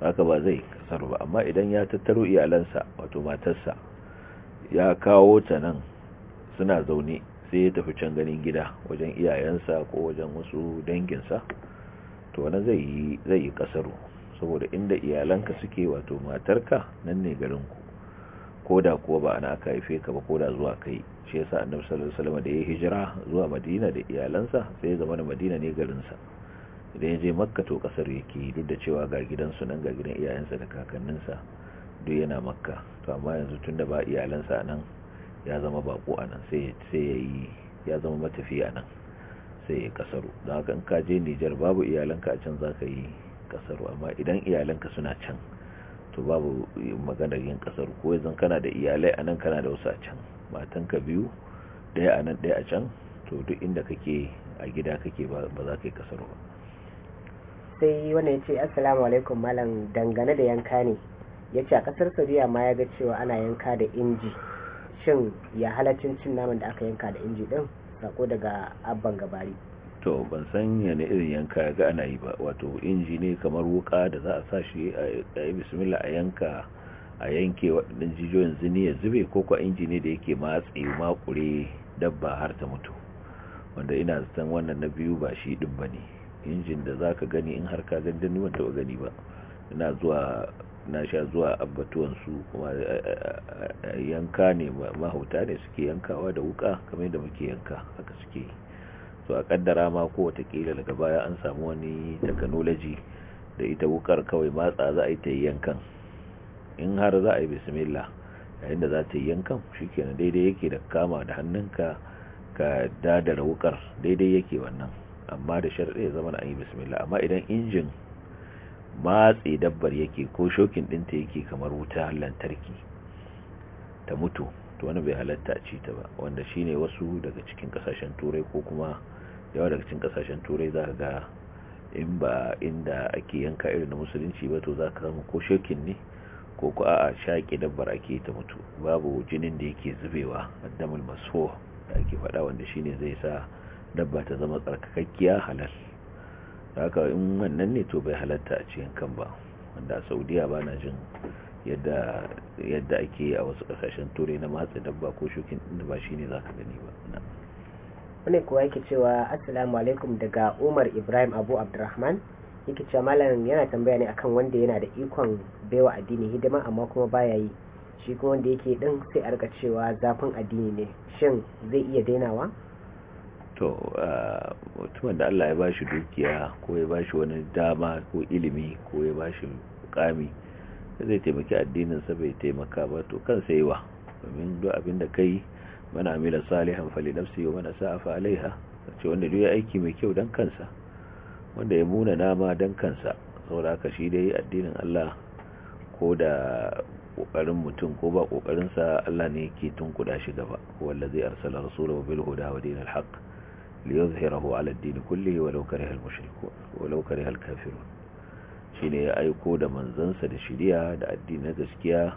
haka ba zai kasar ba amma idan ya tattaro iyalansa wato matarsa ya kawo ta nan suna zaune sai ya tafi can ganin gida wajen iyayensa ko wajen wasu danginsa to wani zai yi kasaru saboda inda iyalanka suke wato matarka nan ne garinku da kuwa ba ana aka haife ka ba ko da zuwa kai shi yasa annabi sallallahu alaihi wasallam da ya hijira zuwa madina da iyalansa sai ya zama da madina ne garinsa idan ya je makka to kasar yake duk da cewa ga gidansu nan ga gidan iyayensa da kakanninsa duk yana makka to amma yanzu tunda ba iyalansa nan ya zama bako a nan sai ya yi ya zama matafi a nan sai ya kasaru don haka in ka je nijar babu iyalanka a can za ka yi kasaru amma idan iyalanka suna can to babu maganar yin kasaru ko yanzu kana da iyalai a nan kana da wasu a can matanka biyu ɗaya a nan ɗaya a can to duk inda kake a gida kake ba za ka yi kasaru ba sai wani ya ce assalamu alaikum malam dangane da yanka ne ya ce a kasar saudiya ma ya ga cewa ana yanka da inji cin ya halaccin cin naman da aka yanka da inji din sako daga abban gabari to ban san ne irin yanka ga ana yi ba wato inji ne kamar wuka da za a sa shi a yi bismillah a yanka a yanke waɗannan jijiyoyin zini ya zube ko kwa inji ne da yake matse makure dabba har ta mutu wanda ina zaton wannan na biyu ba shi ɗin ba ne injin da za ka gani in har ka gandun wanda ba gani ba ina zuwa na sha zuwa abbatuwansu kuma yanka ne mahauta ne suke yankawa da wuka kamar da muke yanka haka suke to a kaddara ma ko watakila daga baya an samu wani technology da ita wukar kawai matsa za a yi ta yankan in har za a yi bismillah yayin da za ta yi yankan shi daidai yake da kama da hannunka ka dadara wukar daidai yake wannan amma da sharaɗe ya zama na an yi bismillah amma idan injin matse dabbar yake ko shokin ɗinta yake kamar wuta lantarki ta mutu to wani bai halatta a ci ta ba wanda shine wasu daga cikin kasashen turai ko kuma yawa daga cikin kasashen turai za a ga in ba inda ake yanka irin musulunci ba to za ka zama ko shokin ne ko ku a shaƙi dabbar ake ta mutu babu jinin da yake zubewa damar maso da ake faɗa wanda shine zai sa dabba ta zama tsarkakakkiya halal haka in wannan ne to bai halatta a cikin kan ba wanda a saudiya ba na jin yadda ake a wasu kasashen turai na matsa dabba ko shukin inda ba shi ne za ka gani ba wani kuwa yake cewa assalamu alaikum daga umar ibrahim abu abdurrahman yake cewa malam yana tambaya ne akan wanda yana da ikon baiwa addini hidima amma kuma baya yi shi kuma wanda yake din sai a rika cewa zafin addini ne shin zai iya dainawa to mutumin da Allah ya ba shi dukiya ko ya bashi wani dama ko ilimi ko ya bashi kami zai taimaki addinin sa bai taimaka ba to kan sai wa domin duk abin da kai mana amila salihan fali nafsi wa mana sa'a fa alaiha ce wanda duk ya aiki mai kyau dan kansa wanda ya muna nama dan kansa saboda haka shi dai addinin Allah ko da kokarin mutum ko ba kokarin sa Allah ne yake tunkuda shi gaba wallazi arsala rasulahu bil huda wa dinil haqq liyuzhirahu ala ad-din kullihi walau kariha al-mushrikun shine ya aiko da manzansa da shiriya da addinin gaskiya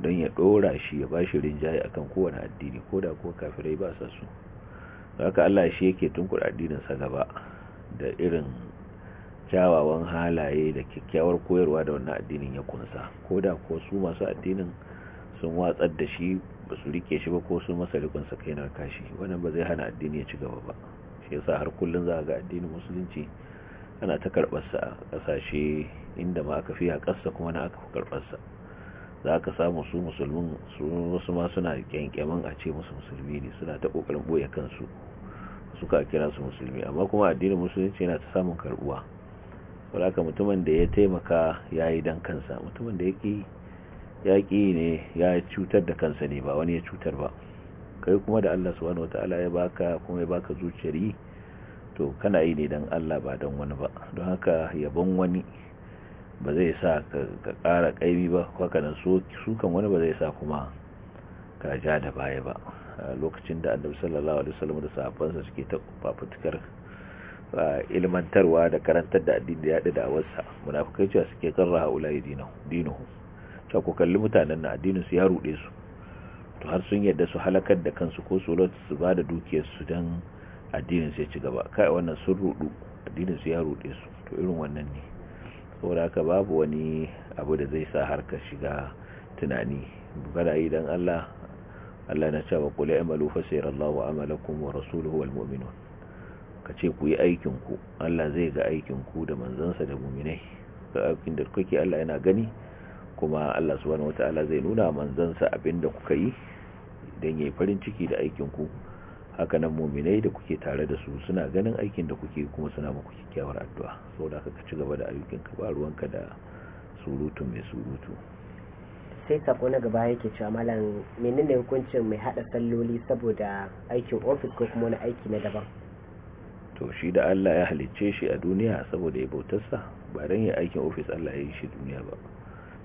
don ya ɗora shi ya bashi rinjaye akan kowane addini koda ko kafirai basa sa su haka Allah shi yake tunkur addinin sa gaba da irin kyawawan halaye da kyakkyawar koyarwa da wannan addinin ya kunsa koda ko su masu addinin sun watsar da shi ba su rike shi ba ko su masa rikon sa kai kashi wannan ba zai hana addini ya ci gaba ba shi yasa har kullun za ga addinin musulunci ana ta karɓar sa a ƙasashe inda ma aka fi a ƙasa kuma na aka fi sa za ka samu su musulmin su wasu ma suna kyankyaman a ce musu musulmi ne suna ta kokarin boye kansu suka kira su musulmi amma kuma addinin musulunci yana ta samun karbuwa ka mutumin da ya taimaka yayi dan kansa mutumin da ya ya ƙi ne ya cutar da kansa ne ba wani ya cutar ba kai kuma da Allah wani wataala ya baka kuma ya baka zuciyar yi to kana yi ne don Allah ba dan wani ba don haka yabon wani ba zai sa ka ƙara ƙaimi ba haka nan sukan wani ba zai sa kuma ka ja da baya ba lokacin da annabi sallallahu alaihi wasallam da sahabbansa suke ta fafutukar ilmantarwa da karantar da addini da yaɗa da awarsa munafikai cewa suke karra haula dinuhu ta ku kalli mutanen na addinin su ya ruɗe su to har sun yadda su halakar da kansu ko su su ba da dukiyarsu don addinin su ya ci gaba kai wannan sun ruɗu addinin su ya ruɗe su to irin wannan ne saboda haka babu wani abu da zai sa har ka shiga tunani kana yi dan Allah Allah na cewa qul a'malu fa Allahu amalakum wa rasuluhu wal mu'minun kace ku yi aikin ku Allah zai ga aikin ku da manzansa da mu'minai ga aikin da kuke Allah yana gani kuma Allah subhanahu wata'ala zai nuna manzansa da kuka yi don yayi farin ciki da aikin ku haka nan muminai da kuke tare da su suna ganin aikin da kuke kuma suna muku kyakkyawar addu'a saboda haka ka ci gaba da ayyukan ka ba ruwanka da surutu mai surutu sai sako na gaba yake cewa malam menene hukuncin mai hada salloli saboda aikin ofis ko kuma wani aiki na daban to shi da Allah ya halicce shi a duniya saboda ya bautarsa ba dan ya aikin ofis Allah ya yi shi duniya ba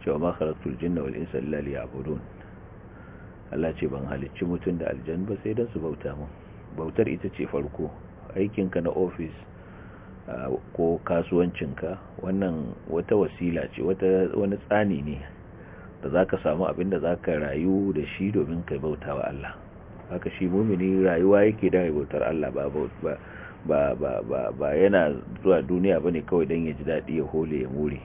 cewa ma khalaqtul jinna wal insa illa liya'budun Allah ce ban halicci mutum da aljan ba sai dan su bauta mu bautar ita ce farko aikinka na ofis ko kasuwancinka wannan wata wasila ce wani tsani ne da zaka samu abin da za ka rayu da shi domin kai bauta wa Allah haka shi mumini rayuwa yake da bautar Allah ba ba ba ba yana zuwa duniya bane kawai dan ya ji daɗi ya hole ya more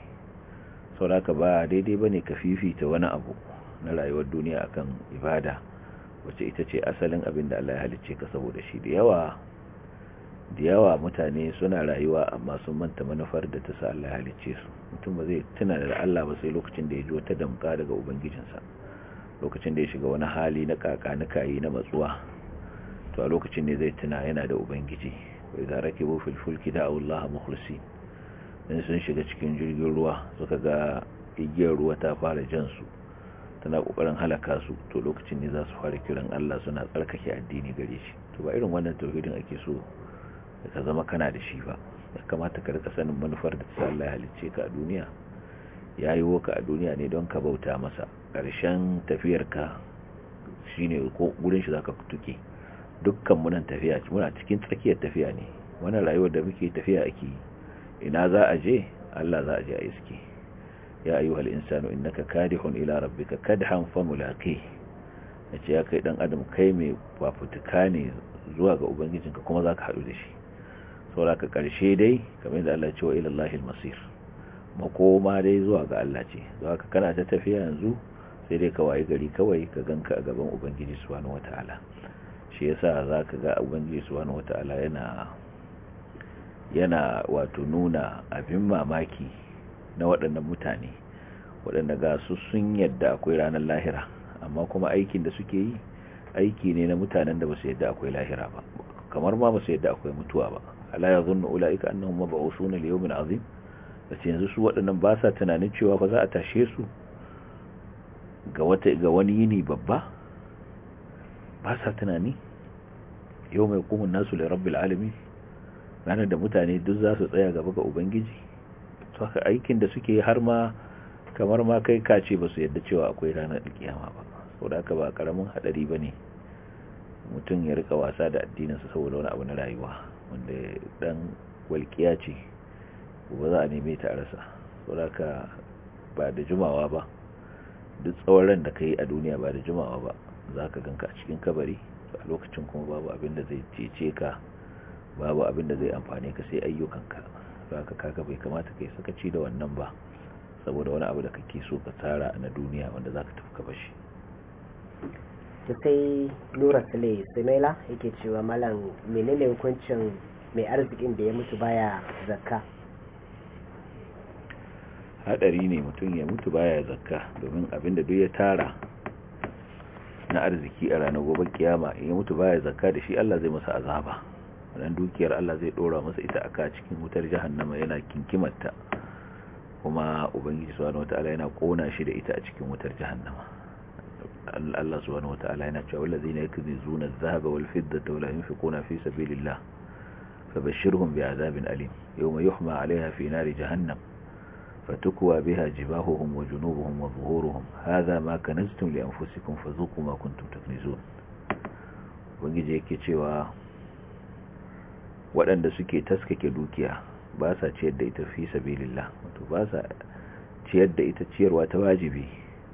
ka ba daidai bane ka fifita wani abu na rayuwar duniya akan ibada wacce ita ce asalin abin da Allah ya halicce ka saboda shi da yawa da yawa mutane suna rayuwa amma sun manta manufar da ta sa Allah ya halicce su mutum ba zai tuna da Allah ba sai lokacin da ya ji wata damka daga sa lokacin da ya shiga wani hali na kaka na kayi na matsuwa to a lokacin ne zai tuna yana da ubangiji wai zarake bu fil fulki da Allah mukhlisin in sun shiga cikin jirgin ruwa suka ga igiyar ruwa ta fara jan su tana kokarin halaka su to lokacin ne za su fara kiran Allah suna tsarkake addini gare shi to ba irin wannan tauhidin ake so ka zama kana da shi ba ya kamata ka rika sanin manufar da ta Allah halicce ka a duniya ya yi ka a duniya ne don ka bauta masa karshen tafiyar ka shine ko gurin shi za tuke dukkan munan tafiya muna cikin tsakiyar tafiya ne wannan rayuwar da muke tafiya ake yi ina za a je Allah za a je a iske ya ayyuhal insanu innaka kadihun ila rabbika kadhan a ce ya kai dan adam kai mai fafutuka ne zuwa ga ubangijinka kuma za ka hadu da shi saboda ka karshe dai kamar yadda Allah ya ce wa ila masir makoma dai zuwa ga Allah ce zuwa ka kana ta tafiya yanzu sai dai ka wayi gari kawai ka ganka a gaban ubangiji subhanahu wataala shi yasa ka ga ubangiji subhanahu wataala yana yana wato nuna abin mamaki na waɗannan mutane waɗanda ga su sun yadda akwai ranar lahira amma kuma aikin da suke yi aiki ne na mutanen da ba su yadda akwai lahira ba kamar ma ba su yadda akwai mutuwa ba ala ya zunnu ula'ika annahum mab'usuna li yawmin azim bace yanzu su waɗannan ba sa tunanin cewa ba za a tashe su ga wata ga wani yini babba ba sa tunani yau mai kumun nasu li rabbil alamin ranar da mutane duk za su tsaya gaba ga ubangiji saka aikin da suke har ma kamar ma kai kace ba su yadda cewa akwai ranar kiyama ba saboda haka ba karamin hadari bane mutum ya rika wasa da addininsa saboda wani abu na rayuwa wanda dan walƙiya ce ba za a neme ta a rasa saboda haka ba da jumawa ba duk tsawon ran da ka a duniya ba da jumawa ba za ka ganka a cikin kabari a lokacin kuma babu abin da zai cece ka babu abin da zai amfane ka sai ayyukanka ka kaga bai kamata ka yi sakaci da wannan ba saboda wani abu da kake so ka tara na duniya wanda za ka tafi bashi ta sai nura sule sumaila yake cewa malam menene hukuncin mai arzikin da ya mutu baya zakka hadari ne mutum ya mutu baya zakka domin abin da duk ya tara na arziki a ranar gobe kiyama in ya mutu baya zakka da shi Allah zai masa azaba wannan dukiyar Allah zai dora masa ita aka cikin wutar jahannama yana kinkimarta kuma ubangiji subhanahu wataala yana kona shi da ita a cikin wutar jahannama Allah subhanahu wataala yana cewa wallazina yakzizuna adh-dhahaba wal-fiddata wala yunfiquna fi sabilillah fabashshirhum bi'adhabin alim yawma yuhma 'alayha fi nari jahannam فتكوى بها جباههم وجنوبهم وظهورهم هذا ما كنزتم لأنفسكم فذوقوا ما كنتم تكنزون ونجي يكي cewa waɗanda suke taskake dukiya ba sa ciyar da ita fi sabilillah wato ba sa ciyar da ita ciyarwa ta wajibi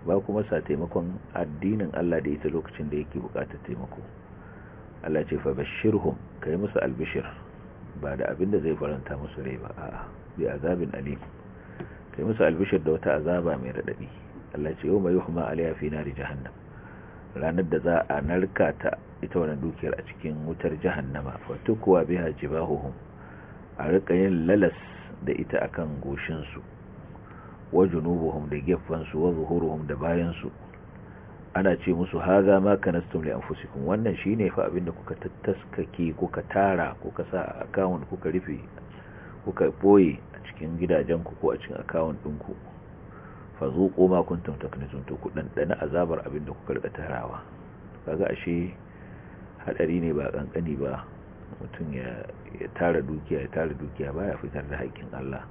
ba kuma sa taimakon addinin Allah da ita lokacin da yake buƙatar taimako Allah ce fa bashirhum kai musu albishir ba da abin da zai faranta musu rai ba a'a bi azabin alim kai musu albishir da wata azaba mai radadi Allah ce yau mai yuhma alayha fi nari jahannam ranar da za a narka ta ita wannan dukiyar a cikin wutar jahannama wato kuwa biha jibahuhum a rika yin lalas da ita akan goshin su wa junubuhum da gefan su wa zuhuruhum da bayansu ana ce musu haza ma kanastum li anfusikum wannan shine fa abin da kuka tattaskake kuka tara kuka sa a account kuka rufe kuka boye a cikin gidajen ku ko a cikin account ɗinku ku fa zuƙo ma kuntum taknizun to ku azabar abin da kuka rika tarawa kaga ashe hadari ne ba kankani ba mutum ya tara dukiya ya tara dukiya baya fitar da haƙƙin Allah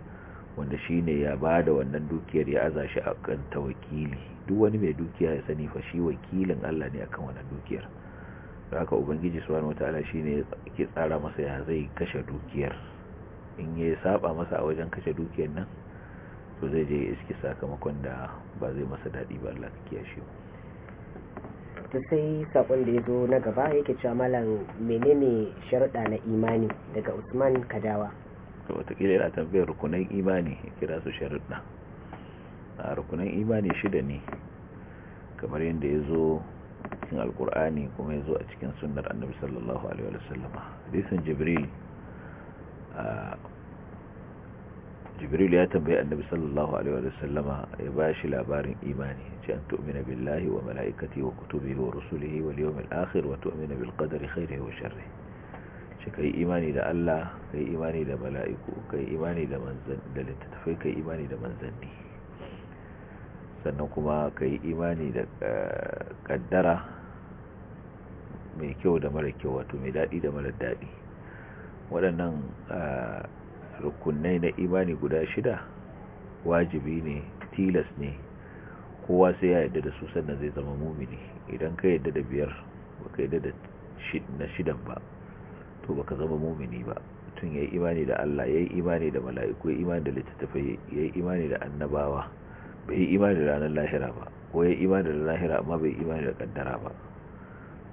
wanda shine ya ba da wannan dukiyar ya aza shi akan wakili duk wani mai dukiya ya sani fa shi wakilin Allah ne akan wannan dukiyar haka ubangiji subhanahu wataala shine yake tsara masa ya zai kashe dukiyar in ya saba masa a wajen kashe dukiyar nan to zai je iske sakamakon da ba zai masa daɗi ba Allah ka kiya shi ta sai sakon da ya zo na gaba yake cewa malam menene sharuɗa na imani daga Usman Kadawa to wataƙila yana tambayar rukunan imani ya kira su sharuɗa a rukunan imani shida ne kamar yadda ya zo cikin alƙur'ani kuma ya zo a cikin sunnar annabi sallallahu alaihi wasallama hadisin jibril jibril ya tambayi annabi sallallahu alaihi wa sallama ya ba shi labarin imani ce an tu'mina billahi wa mala'ikati wa kutubihi wa rusulihi wal yawmil akhir wa tu'mina bil qadari khairihi wa sharri shi kai imani da Allah kai imani da mala'iku kai imani da manzan da littafai kai imani da manzanni sannan kuma kai imani da eh, kaddara mai kyau da mara kyau wato mai dadi da mara dadi waɗannan eh, rukunai na imani guda shida wajibi ne tilas ne kowa sai ya yadda da su sannan zai zama mumini idan ka yadda da biyar baka yadda da na shidan ba to baka zama mumini ba tun ya yi imani da Allah ya yi imani da mala'iku ya yi imani da littattafai ya yi imani da annabawa bai yi imani da ranar lahira ba ko ya yi imani da lahira amma bai yi imani da kaddara ba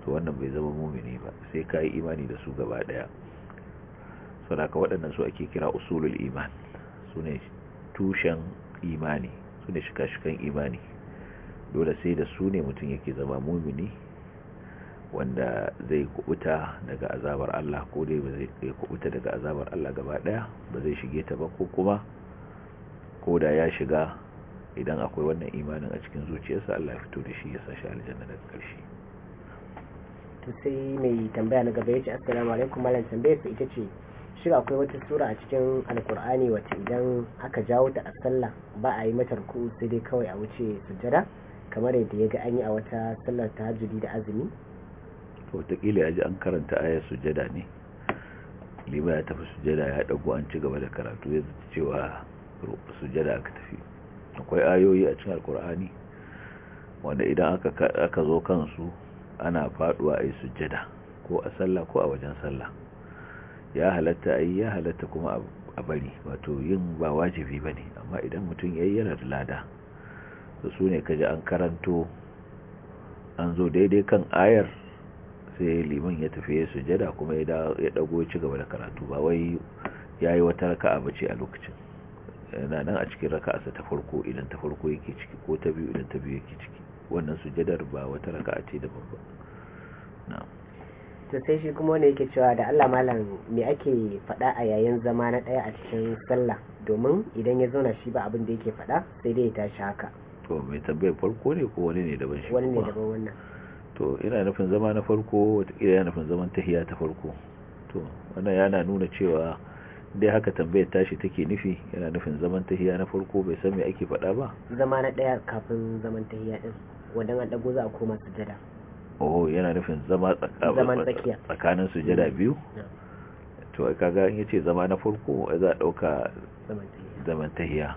to wannan bai zama mumini ba sai ka yi imani da su gaba daya saboda waɗannan su ake kira usulul iman su ne tushen imani su ne shika-shikan imani dole sai da su ne mutum yake zama mumini wanda zai kubuta daga azabar Allah ko dai ba zai kubuta daga azabar Allah gaba daya ba zai shige ta ba ko kuma ko da ya shiga idan akwai wannan imanin a cikin zuciyarsa Allah ya fito da shi ya sashi aljanna daga ƙarshe to sai mai tambaya na gaba ya assalamu alaikum malam tambayar ita ce shi akwai wata sura a cikin alkur'ani wacce idan aka jawo ta a sallah ba a yi mata ruku sai dai kawai a wuce sujada kamar yadda ya ga an yi a wata sallar tahajjudi da azumi wataƙila ya ji an karanta ayar sujada ne lima ya tafi sujada ya dago an ci gaba da karatu ya zata cewa sujada aka tafi akwai ayoyi a cikin alkur'ani wanda idan aka zo kansu ana faduwa a yi sujada ko a sallah ko a wajen sallah ya halatta a yi ya halatta kuma a bari wato yin ba wajibi ba ne amma idan mutum ya yi yana da lada da su ne kaji an karanto an zo daidai kan ayar sai liman ya tafi ya sujada kuma ya dago ci gaba da karatu ba wai ya yi wata raka a bace a lokacin yana nan a cikin raka ta farko idan ta farko yake ciki ko ta biyu idan ta biyu yake ciki wannan sujadar ba wata raka a ce daban ba na'am to sai shi kuma wani yake cewa da Allah malam me ake faɗa a yayin zama na ɗaya a cikin sallah domin idan ya zauna shi ba abin da yake faɗa sai dai ya tashi haka to mai tambayar farko ne ko wani ne daban shi wani ne daban wannan to ina nufin zama na farko watakila yana nufin zaman tahiya ta farko to wannan yana nuna cewa dai haka tambayar tashi take nufi yana nufin zaman tahiya na farko bai san me ake faɗa ba zama na ɗaya kafin zaman tahiya din wadannan an dago za a koma sujada oh yana nufin zama tsakanin sujada mm. biyu to kaga in yace zama na farko za a dauka zaman eh,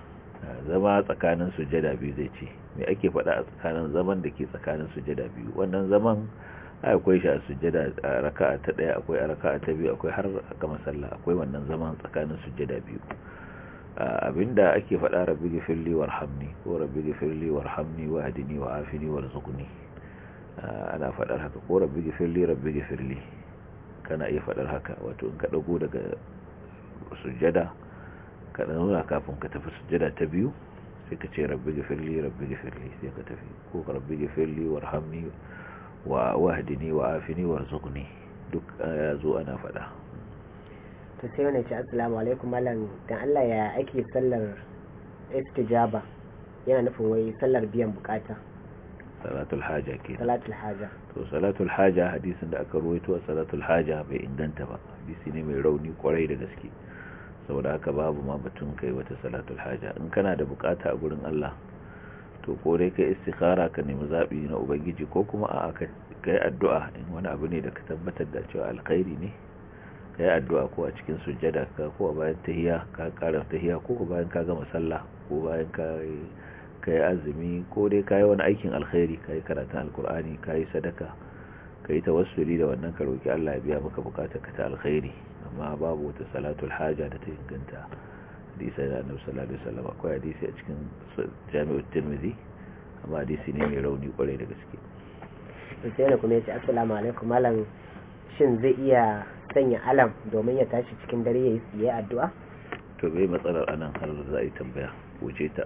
zama tsakanin sujada biyu zai ce me ake faɗa a tsakanin zaman da ke tsakanin sujada biyu wannan zaman akwai shi a sujada a raka'a ta daya akwai a raka'a ta biyu akwai har aka masalla akwai wannan zaman tsakanin sujada biyu eh, abinda ake faɗa rabbi gifirli warhamni ko rabbi gifirli warhamni wa hadini wa afini zukuni Ah, ana fadar haka ko rabbi gifirli rabbi gifirli kana iya fadar haka wato in ka dago daga sujjada ka nuna kafin ka tafi sujjada ta biyu sai ka ce rabbi gifirli rabbi gifirli sai ka tafi ko rabbi gifirli warhamni wa wahdini wa afini warzuqni duk ah, ya zo ana fada. to sai wani ce assalamu alaikum malam dan Allah ya ake sallar istijaba yana nufin wai sallar biyan bukata salatul haja ke salatul haja to salatul haja hadisin da aka ruwaito a salatul haja bai inganta ba hadisi ne mai rauni kwarai da gaske saboda haka babu ma batun kai wata salatul haja in kana da bukata a gurin Allah to ko dai kai istikhara ka nemi zabi na ubangiji ko kuma a aka kai addu'a in wani abu ne da ka tabbatar da cewa alkhairi ne kai addu'a ko a cikin sujjada ka ko bayan tahiya ka karanta tahiyya ko bayan ka gama sallah ko bayan ka ka yi azumi ko dai ka yi wani aikin alkhairi ka yi karatun alkur'ani ka yi sadaka ka yi tawassuli da wannan ka roƙi Allah ya biya maka bukatar ka ta alkhairi amma babu wata salatul haja da ta inganta hadisi da annabi sallallahu alaihi wasallam akwai hadisi a cikin jami'u tirmidhi amma hadisi ne mai rauni kwarai da gaske to sai da kuma yace assalamu alaikum malam shin zai iya sanya alam domin ya tashi cikin dare ya yi addu'a to bai matsalar anan har za a yi tambaya wuce ta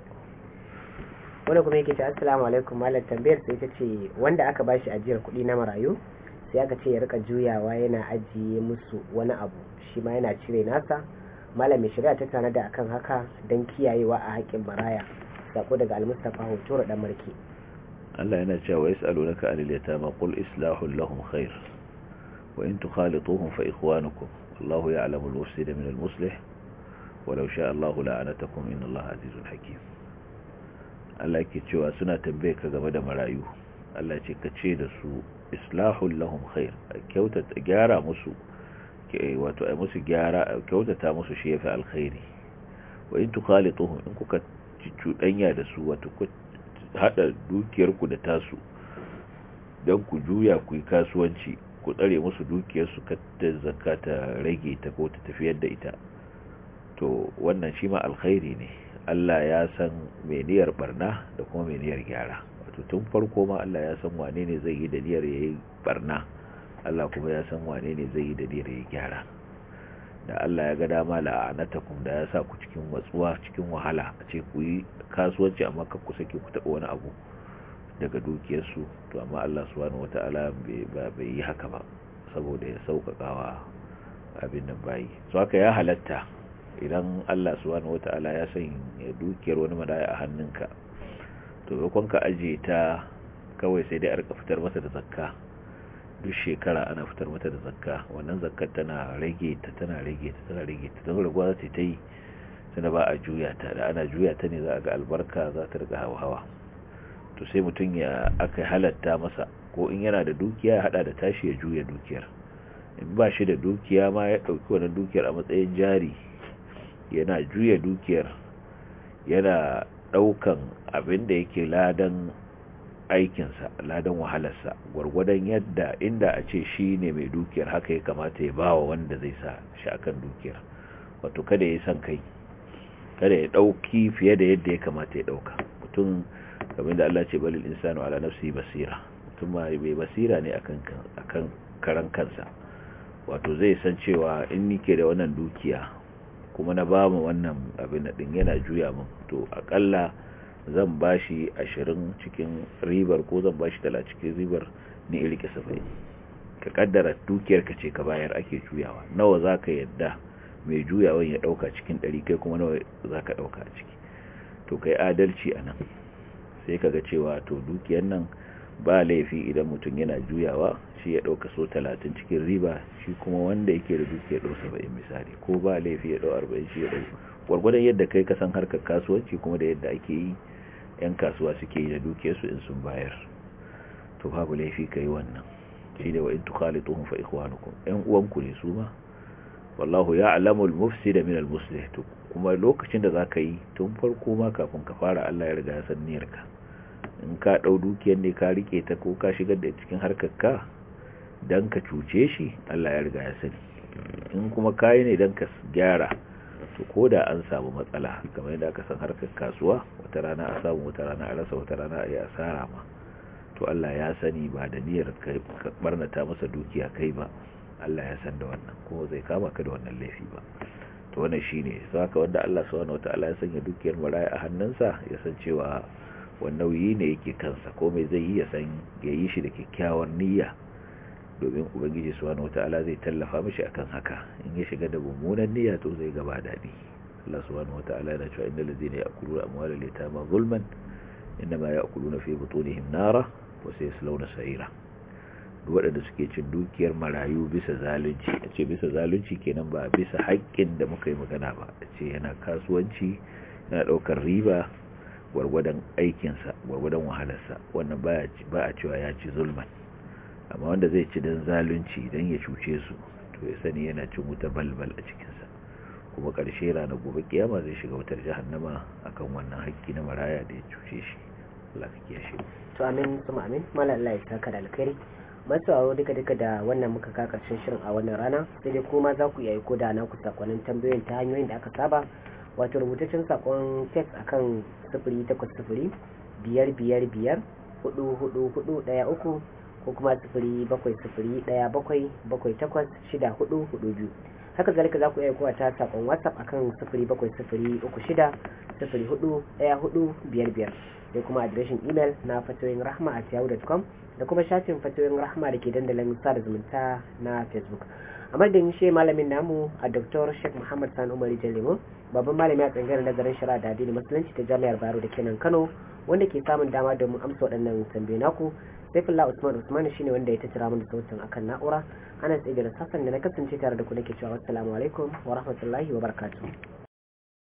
wanda kuma yake ce assalamu alaikum malam tambayar sai ta ce wanda aka bashi ajiyar kuɗi na marayu sai aka ce ya rika juyawa yana ajiye musu wani abu shi ma yana cire nasa malam mai shari'a ta tana da akan haka don kiyayewa a haƙƙin maraya sako daga almustafa hoto da marke Allah yana cewa wa yas'alu yas'alunaka anil yatama qul islahul lahum khair wa in tukhalituhum fa ikhwanukum wallahu ya'lamu al-mufsida min al-muslih ولو شاء الله لعنتكم إن الله عزيز حكيم Allah ke cewa suna tambaye ka game da marayu Allah ce ka ce da su islahul lahum khair a kyautata gyara musu wato ai musu gyara a kyautata musu shi yafi alkhairi wa in tukhalituhum in kuka cuɗanya da su wato ku hada dukiyar ku da tasu dan ku juya ku yi kasuwanci ku tsare musu dukiyar su ta zakata rage ta ko ta tafiyar da ita to wannan shi ma alkhairi ne Allah ya san mai niyyar barna da kuma mai niyyar gyara wato tun farko ma Allah ya san wane ne zai yi da niyyar yayi barna Allah kuma ya san wane ne zai yi da niyyar yayi gyara da Allah ya ga dama la'anatakum da ya sa ku cikin watsuwa cikin wahala a ce ku yi kasuwanci amma kar ku sake ku taɓa wani abu daga dukiyarsu to amma Allah subhanahu wataala bai yi haka ba saboda ya sauƙaƙawa abin nan bayi so haka ya halatta idan Allah subhanahu wata'ala ya san ya dukiyar wani madaya a hannunka to bakon ka ajiye ta kawai sai dai a rika fitar mata da zakka duk shekara ana fitar mata da zakka wannan zakkar tana rage ta tana rage ta tana rage ta don raguwa za ta yi tana ba a juya ta da ana juya ta ne za a ga albarka za ta riga hawa hawa to sai mutum ya aka halatta masa ko in yana da dukiya ya hada da tashi ya juya dukiyar in ba shi da dukiya ma ya ɗauki wannan dukiyar a matsayin jari yana juya dukiyar yana ɗaukan abin da yake ladan aikinsa ladan wahalarsa gwargwadon yadda inda a ce shi ne mai dukiyar haka ya kamata ya bawa wanda zai sa shi akan dukiyar wato kada ya san kai kada ya ɗauki fiye da yadda ya kamata ya ɗauka mutum kamar da Allah ce balil insanu ala nafsi basira mutum mai basira ne akan karan kansa wato zai san cewa in nike da wannan dukiya kuma na ba mu wannan abin din yana juya min to akalla zan bashi ashirin cikin ribar ko zan bashi tala cikin ribar ni irke safai ka kaddara dukiyar ka ce ka bayar ake juyawa nawa zaka yadda mai juyawan ya dauka cikin ɗari kai kuma nawa zaka dauka ciki to kai adalci anan sai ka ga cewa to dukiyar nan ba laifi idan mutum yana juyawa masallaci ya ɗauka so talatin cikin riba shi kuma wanda yake da dukiya ɗau saba'in misali ko ba laifi ya ɗau arba'in shi ya ɗau gwargwadon yadda kai kasan harkar kasuwanci kuma da yadda ake yi yan kasuwa suke yi da dukiyarsu in sun bayar to babu laifi ka yi wannan shi da wa'in tukhalituhum fa ikhwanukum yan uwanku ne su ma wallahu ya al mufsi min minal muslih to kuma lokacin da za ka yi tun farko ma kafin ka fara Allah ya riga ya san in ka ɗau dukiyar ne ka rike ta ko ka shigar da cikin harkar ka dan ka cuce shi Allah ya riga ya sani in kuma kayi ne dan ka gyara to ko da an samu matsala kamar yadda aka san harkar kasuwa wata rana a samu wata rana a rasa wata rana a yi asara ma to Allah ya sani ba da niyyar ka barnata masa dukiya kai ba Allah ya san da wannan ko zai kama ka da wannan laifi ba to wannan shine saka wanda Allah subhanahu wataala ya sanya dukiyar maraya a hannunsa ya san cewa wannan nauyi ne yake kansa komai zai yi ya san ya yi shi da kyakkyawar niyya domin ubangiji su wani wataala zai tallafa mashi akan haka in ya shiga da mummunan niyya to zai gaba daɗi Allah wani wataala yana cewa inda innal ladina ya'kuluna leta ma zulman inma na fi ko sai su launa sa'ira duk waɗanda suke cin dukiyar marayu bisa zalunci a ce bisa zalunci kenan ba bisa haƙƙin da muka yi magana ba a ce yana kasuwanci yana ɗaukar riba gwargwadon aikinsa gwargwadon wahalarsa wannan ba a cewa ya ci zulman amma wanda zai ci don zalunci don ya cuce su to ya sani yana cin wuta balbal a cikinsa kuma karshe ranar gobe kiyama zai shiga wutar jahannama akan wannan hakki na maraya da ya cuce shi Allah ka kiyashe to amin kuma amin mallan Allah ya saka da alkhairi masu duka duka da wannan muka ka karshen shirin a wannan rana sai dai kuma za ku iya yi da na ku sakonin tambayoyin ta hanyoyin da aka saba wato rubutaccen sakon text akan sifiri takwas sifiri biyar ɗaya uku ko kuma sifiri bakwai sifiri ɗaya bakwai bakwai takwas shida hudu hudu biyu haka zalika za ku iya kowa ta sakon whatsapp akan sifiri bakwai sifiri uku shida sifiri hudu ɗaya hudu biyar biyar da kuma adireshin imel na fatoyin rahma a yahoo.com da kuma shafin fatoyin rahma da ke dandalin sada zumunta na facebook a madadin shi malamin namu a dr sheikh muhammad sani umar jalimu babban malami a tsangaren nazarin shari'a da addini musulunci ta jami'ar bayero da kenan kano wanda ke samun dama domin amsa waɗannan tambayi naku Saifullah Usman Usman shine wanda ya tattara mun da sautin akan na'ura ana tsigar sassan da na kasance tare da ku nake cewa assalamu alaikum wa rahmatullahi wa barakatuh